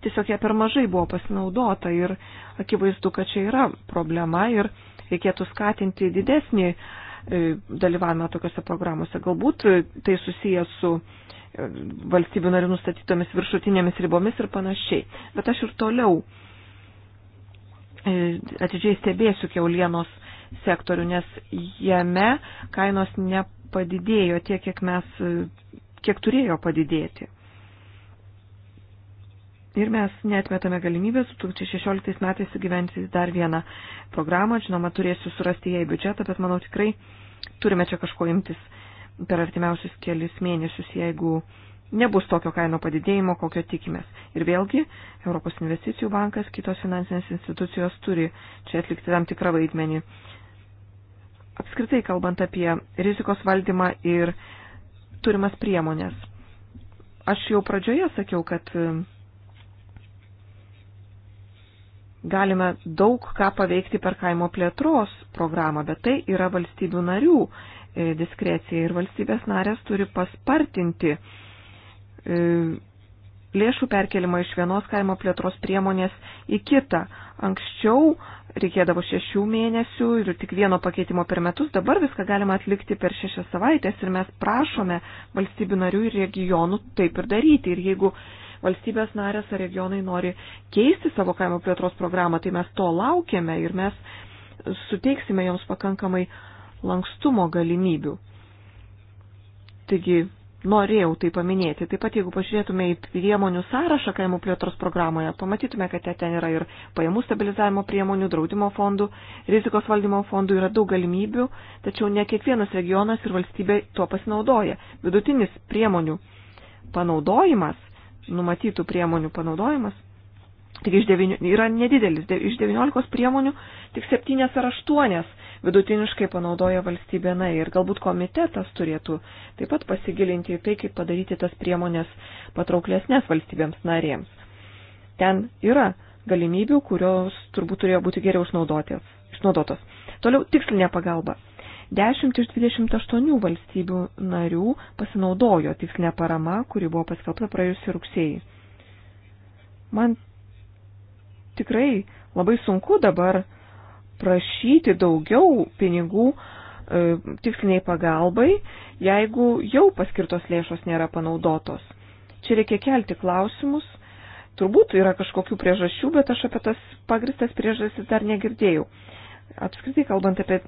B: tiesiog jie per mažai buvo pasinaudota ir akivaizdu, kad čia yra problema ir reikėtų skatinti didesnį e, dalyvavimą tokiuose programuose. Galbūt e, tai susijęs su e, valstybių narių nustatytomis viršutinėmis ribomis ir panašiai. Bet aš ir toliau atidžiai stebėsiu keulienos sektorių, nes jame kainos nepadidėjo tiek, kiek mes, kiek turėjo padidėti. Ir mes netmetame galimybės 2016 metais įgyventi dar vieną programą. Žinoma, turėsiu surasti ją į biudžetą, bet manau tikrai turime čia kažko imtis per artimiausius kelius mėnesius, jeigu nebus tokio kaino padidėjimo, kokio tikimės. Ir vėlgi, Europos investicijų bankas, kitos finansinės institucijos turi čia atlikti tam tikrą vaidmenį. Apskritai kalbant apie rizikos valdymą ir turimas priemonės. Aš jau pradžioje sakiau, kad galime daug ką paveikti per kaimo plėtros programą, bet tai yra valstybių narių e, diskrecija ir valstybės narės turi paspartinti e, lėšų perkelimą iš vienos kaimo plėtros priemonės į kitą. Anksčiau reikėdavo šešių mėnesių ir tik vieno pakeitimo per metus, dabar viską galima atlikti per šešias savaitės ir mes prašome valstybių narių ir regionų taip ir daryti. Ir jeigu valstybės narės ar regionai nori keisti savo kaimo plėtros programą, tai mes to laukiame ir mes suteiksime joms pakankamai lankstumo galimybių. Taigi, norėjau tai paminėti. Taip pat, jeigu pažiūrėtume į priemonių sąrašą kaimų plėtros programoje, pamatytume, kad ten yra ir pajamų stabilizavimo priemonių, draudimo fondų, rizikos valdymo fondų, yra daug galimybių, tačiau ne kiekvienas regionas ir valstybė tuo pasinaudoja. Vidutinis priemonių panaudojimas numatytų priemonių panaudojimas. Tik iš 9, yra nedidelis, iš 19 priemonių tik 7 ar 8 vidutiniškai panaudoja valstybė na ir galbūt komitetas turėtų taip pat pasigilinti į tai, kaip padaryti tas priemonės patrauklesnės valstybėms narėms. Ten yra galimybių, kurios turbūt turėjo būti geriau išnaudotos. Toliau tikslinė pagalba. 10 iš 28 valstybių narių pasinaudojo tikslinę parama, kuri buvo paskelbta praėjusį rugsėjį. Man tikrai labai sunku dabar prašyti daugiau pinigų e, tiksliniai pagalbai, jeigu jau paskirtos lėšos nėra panaudotos. Čia reikia kelti klausimus. Turbūt yra kažkokių priežasčių, bet aš apie tas pagristas priežastis dar negirdėjau apskritai kalbant apie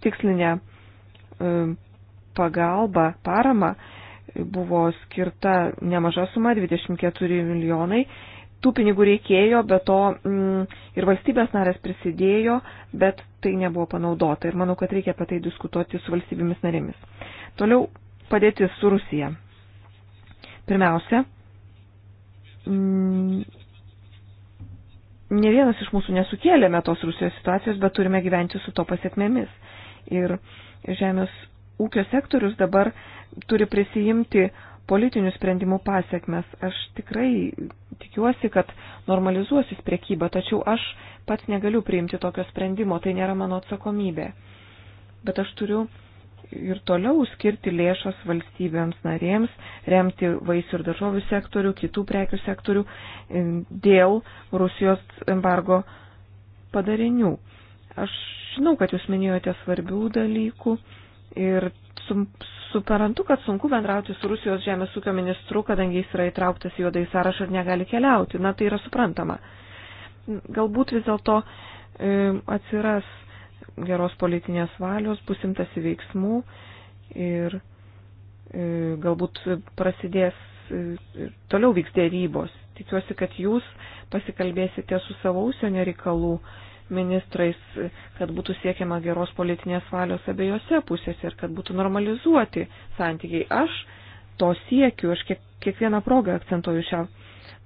B: tikslinę e, pagalbą, paramą buvo skirta nemaža suma - 24 milijonai. Tų pinigų reikėjo, bet to mm, ir valstybės narės prisidėjo, bet tai nebuvo panaudota. Ir manau, kad reikia apie tai diskutuoti su valstybėmis narėmis. Toliau padėtis su Rusija. Pirmiausia, mm, ne vienas iš mūsų nesukėlėme tos Rusijos situacijos, bet turime gyventi su to pasiekmėmis ir žemės ūkio sektorius dabar turi prisijimti politinių sprendimų pasiekmes. Aš tikrai tikiuosi, kad normalizuosis priekyba, tačiau aš pats negaliu priimti tokio sprendimo, tai nėra mano atsakomybė. Bet aš turiu ir toliau skirti lėšas valstybėms narėms, remti vaisių ir daržovių sektorių, kitų prekių sektorių e, dėl Rusijos embargo padarinių. Aš žinau, kad jūs minėjote svarbių dalykų ir suprantu, kad sunku bendrauti su Rusijos žemės ūkio ministru, kadangi jis yra įtrauktas į juodai sąrašą ir negali keliauti. Na, tai yra suprantama. Galbūt vis dėlto e, atsiras geros politinės valios, bus imtasi veiksmų ir e, galbūt prasidės e, toliau vyks dėrybos. Tikiuosi, kad jūs pasikalbėsite su savo užsienio reikalų e, ministrais, kad būtų siekiama geros politinės valios abiejose pusėse ir kad būtų normalizuoti santykiai. Aš to siekiu, aš kiek, kiekvieną progą akcentuoju šią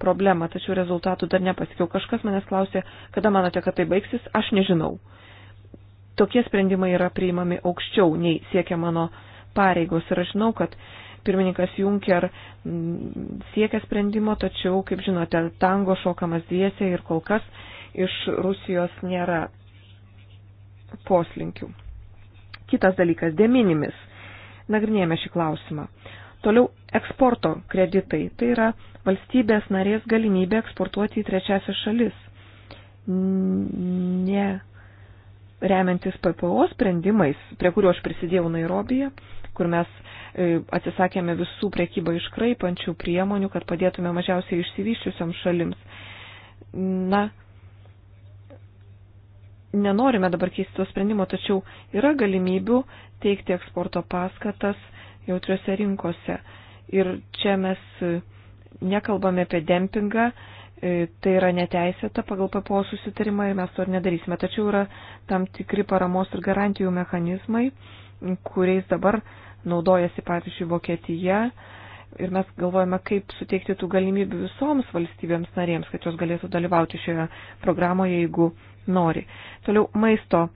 B: problemą, tačiau rezultatų dar nepasikiau. Kažkas manęs klausė, kada manote, kad tai baigsis, aš nežinau. Tokie sprendimai yra priimami aukščiau nei siekia mano pareigos ir aš žinau, kad pirmininkas Juncker mm, siekia sprendimo, tačiau, kaip žinote, tango šokamas dviese ir kol kas iš Rusijos nėra poslinkių. Kitas dalykas - dėminimis. Nagrinėjame šį klausimą. Toliau eksporto kreditai. Tai yra valstybės narės galimybė eksportuoti į trečiasias šalis. Ne remiantis PPO sprendimais, prie kuriuo aš prisidėjau Nairobije, kur mes e, atsisakėme visų priekybą iškraipančių priemonių, kad padėtume mažiausiai išsivyščiusiam šalims. Na, nenorime dabar keisti to sprendimo, tačiau yra galimybių teikti eksporto paskatas jautriuose rinkose. Ir čia mes e, nekalbame apie dempingą, e, tai yra neteisėta pagal PPO susitarimą ir mes to ir nedarysime. Tačiau yra tam tikri paramos ir garantijų mechanizmai, kuriais dabar naudojasi pavyzdžiui Vokietija. Ir mes galvojame, kaip suteikti tų galimybių visoms valstybėms narėms, kad jos galėtų dalyvauti šioje programoje, jeigu nori. Toliau maisto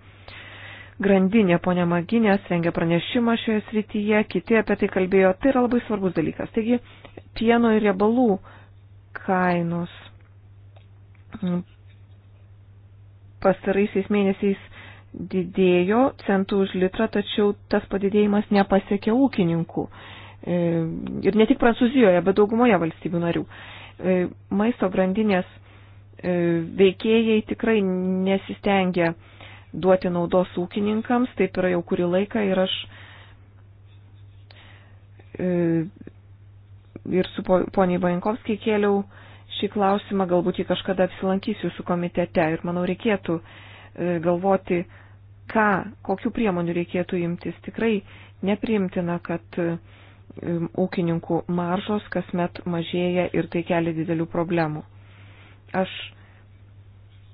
B: grandinė, ponia Maginės rengia pranešimą šioje srityje, kiti apie tai kalbėjo, tai yra labai svarbus dalykas. Taigi, pieno ir riebalų kainos pastaraisiais mėnesiais didėjo centų už litrą, tačiau tas padidėjimas nepasiekė ūkininkų. E, ir ne tik Prancūzijoje, bet daugumoje valstybių narių. E, maisto grandinės E, veikėjai tikrai nesistengia duoti naudos ūkininkams, taip yra jau kurį laiką ir aš e, ir su poniai Vainkovskiai kėliau šį klausimą, galbūt jį kažkada apsilankysiu su komitete ir manau reikėtų e, galvoti, ką, kokiu priemonių reikėtų imtis. Tikrai nepriimtina, kad ūkininkų maržos kasmet mažėja ir tai kelia didelių problemų. Aš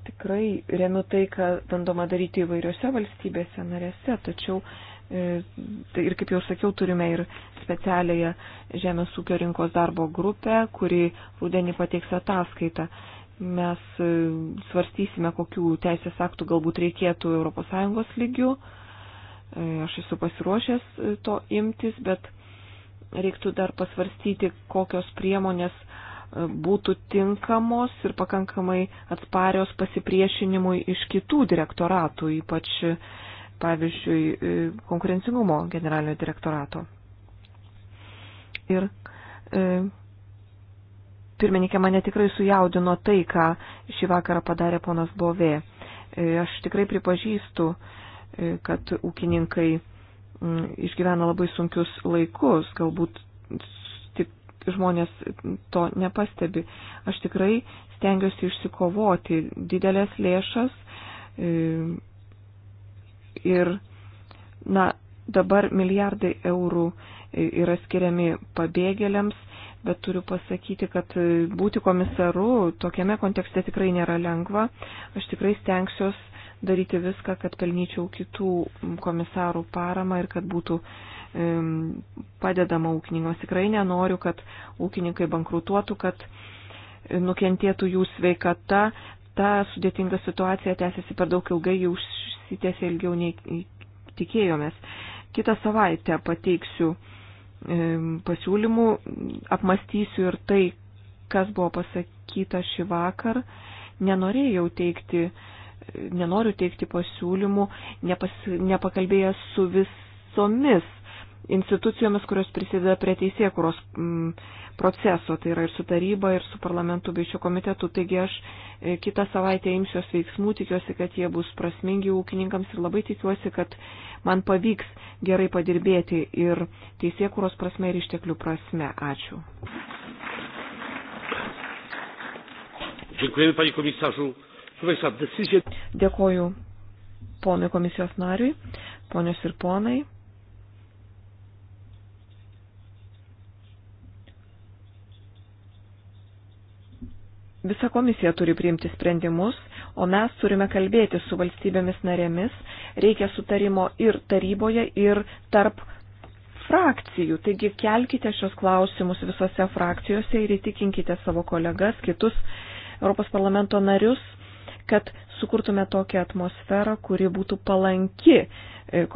B: tikrai remiu tai, ką bandoma daryti įvairiose valstybėse narėse, tačiau e, tai ir kaip jau sakiau, turime ir specialiąją Žemės ūkio rinkos darbo grupę, kuri rūdienį pateiks ataskaitą. Mes e, svarstysime, kokių teisės aktų galbūt reikėtų ES lygių. E, aš esu pasiruošęs to imtis, bet reiktų dar pasvarstyti, kokios priemonės uh, būtų tinkamos ir pakankamai atsparios pasipriešinimui iš kitų direktoratų, ypač, pavyzdžiui, e, konkurencingumo generalinio direktorato. Ir e, pirmininkė mane tikrai sujaudino tai, ką šį vakarą padarė ponas Bovė. E, aš tikrai pripažįstu, e, kad ūkininkai m, mm, išgyvena labai sunkius laikus, galbūt žmonės to nepastebi. Aš tikrai stengiuosi išsikovoti didelės lėšas e, ir, na, dabar milijardai eurų e, yra skiriami pabėgėliams, bet turiu pasakyti, kad e, būti komisaru tokiame kontekste tikrai nėra lengva. Aš tikrai stengsiuosi daryti viską, kad pelnyčiau kitų komisarų paramą ir kad būtų uh, padedama ūkininkams. Tikrai nenoriu, kad ūkininkai bankrutuotų, kad nukentėtų jų sveikata. Ta sudėtinga situacija tęsiasi per daug ilgai, jau užsitęsė ilgiau nei tikėjomės. Kitą savaitę pateiksiu pasiūlymų, apmastysiu ir tai, kas buvo pasakyta šį vakar. Nenorėjau teikti, nenoriu teikti pasiūlymų, nepas, nepakalbėjęs su visomis institucijomis, kurios prisideda prie teisėkuros mm, proceso, tai yra ir su taryba, ir su parlamentu bei šio komitetu. Taigi aš e, kitą savaitę imsiuos veiksmų, tikiuosi, kad jie bus prasmingi ūkininkams ir labai tikiuosi, kad man pavyks gerai padirbėti ir teisėkuros prasme, ir išteklių prasme. Ačiū.
A: Dziękujemy, panie komisarzu.
B: Dėkoju ponui komisijos nariui, ponios ir ponai. Visa komisija turi priimti sprendimus, o mes turime kalbėti su valstybėmis narėmis, reikia sutarimo ir taryboje, ir tarp frakcijų. Taigi kelkite šios klausimus visose frakcijose ir įtikinkite savo kolegas, kitus Europos parlamento narius, kad sukurtume tokią atmosferą, kuri būtų palanki e,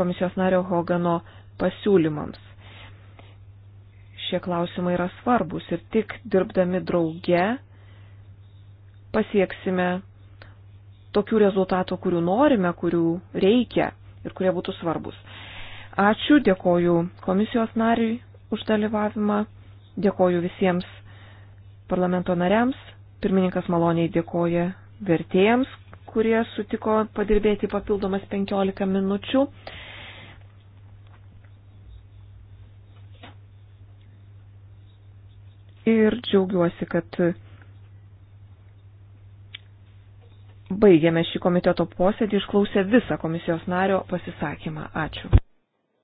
B: komisijos nario Hogano pasiūlymams. Šie klausimai yra svarbus ir tik dirbdami drauge pasieksime tokių rezultatų, kurių norime, kurių reikia ir kurie būtų svarbus. Ačiū, dėkoju komisijos nariui už dalyvavimą, dėkoju visiems parlamento nariams, pirmininkas maloniai dėkoja vertėjams, kurie sutiko padirbėti papildomas 15 minučių. Ir džiaugiuosi, kad Baigėme šį komiteto posėdį, išklausę visą komisijos nario pasisakymą. Ačiū.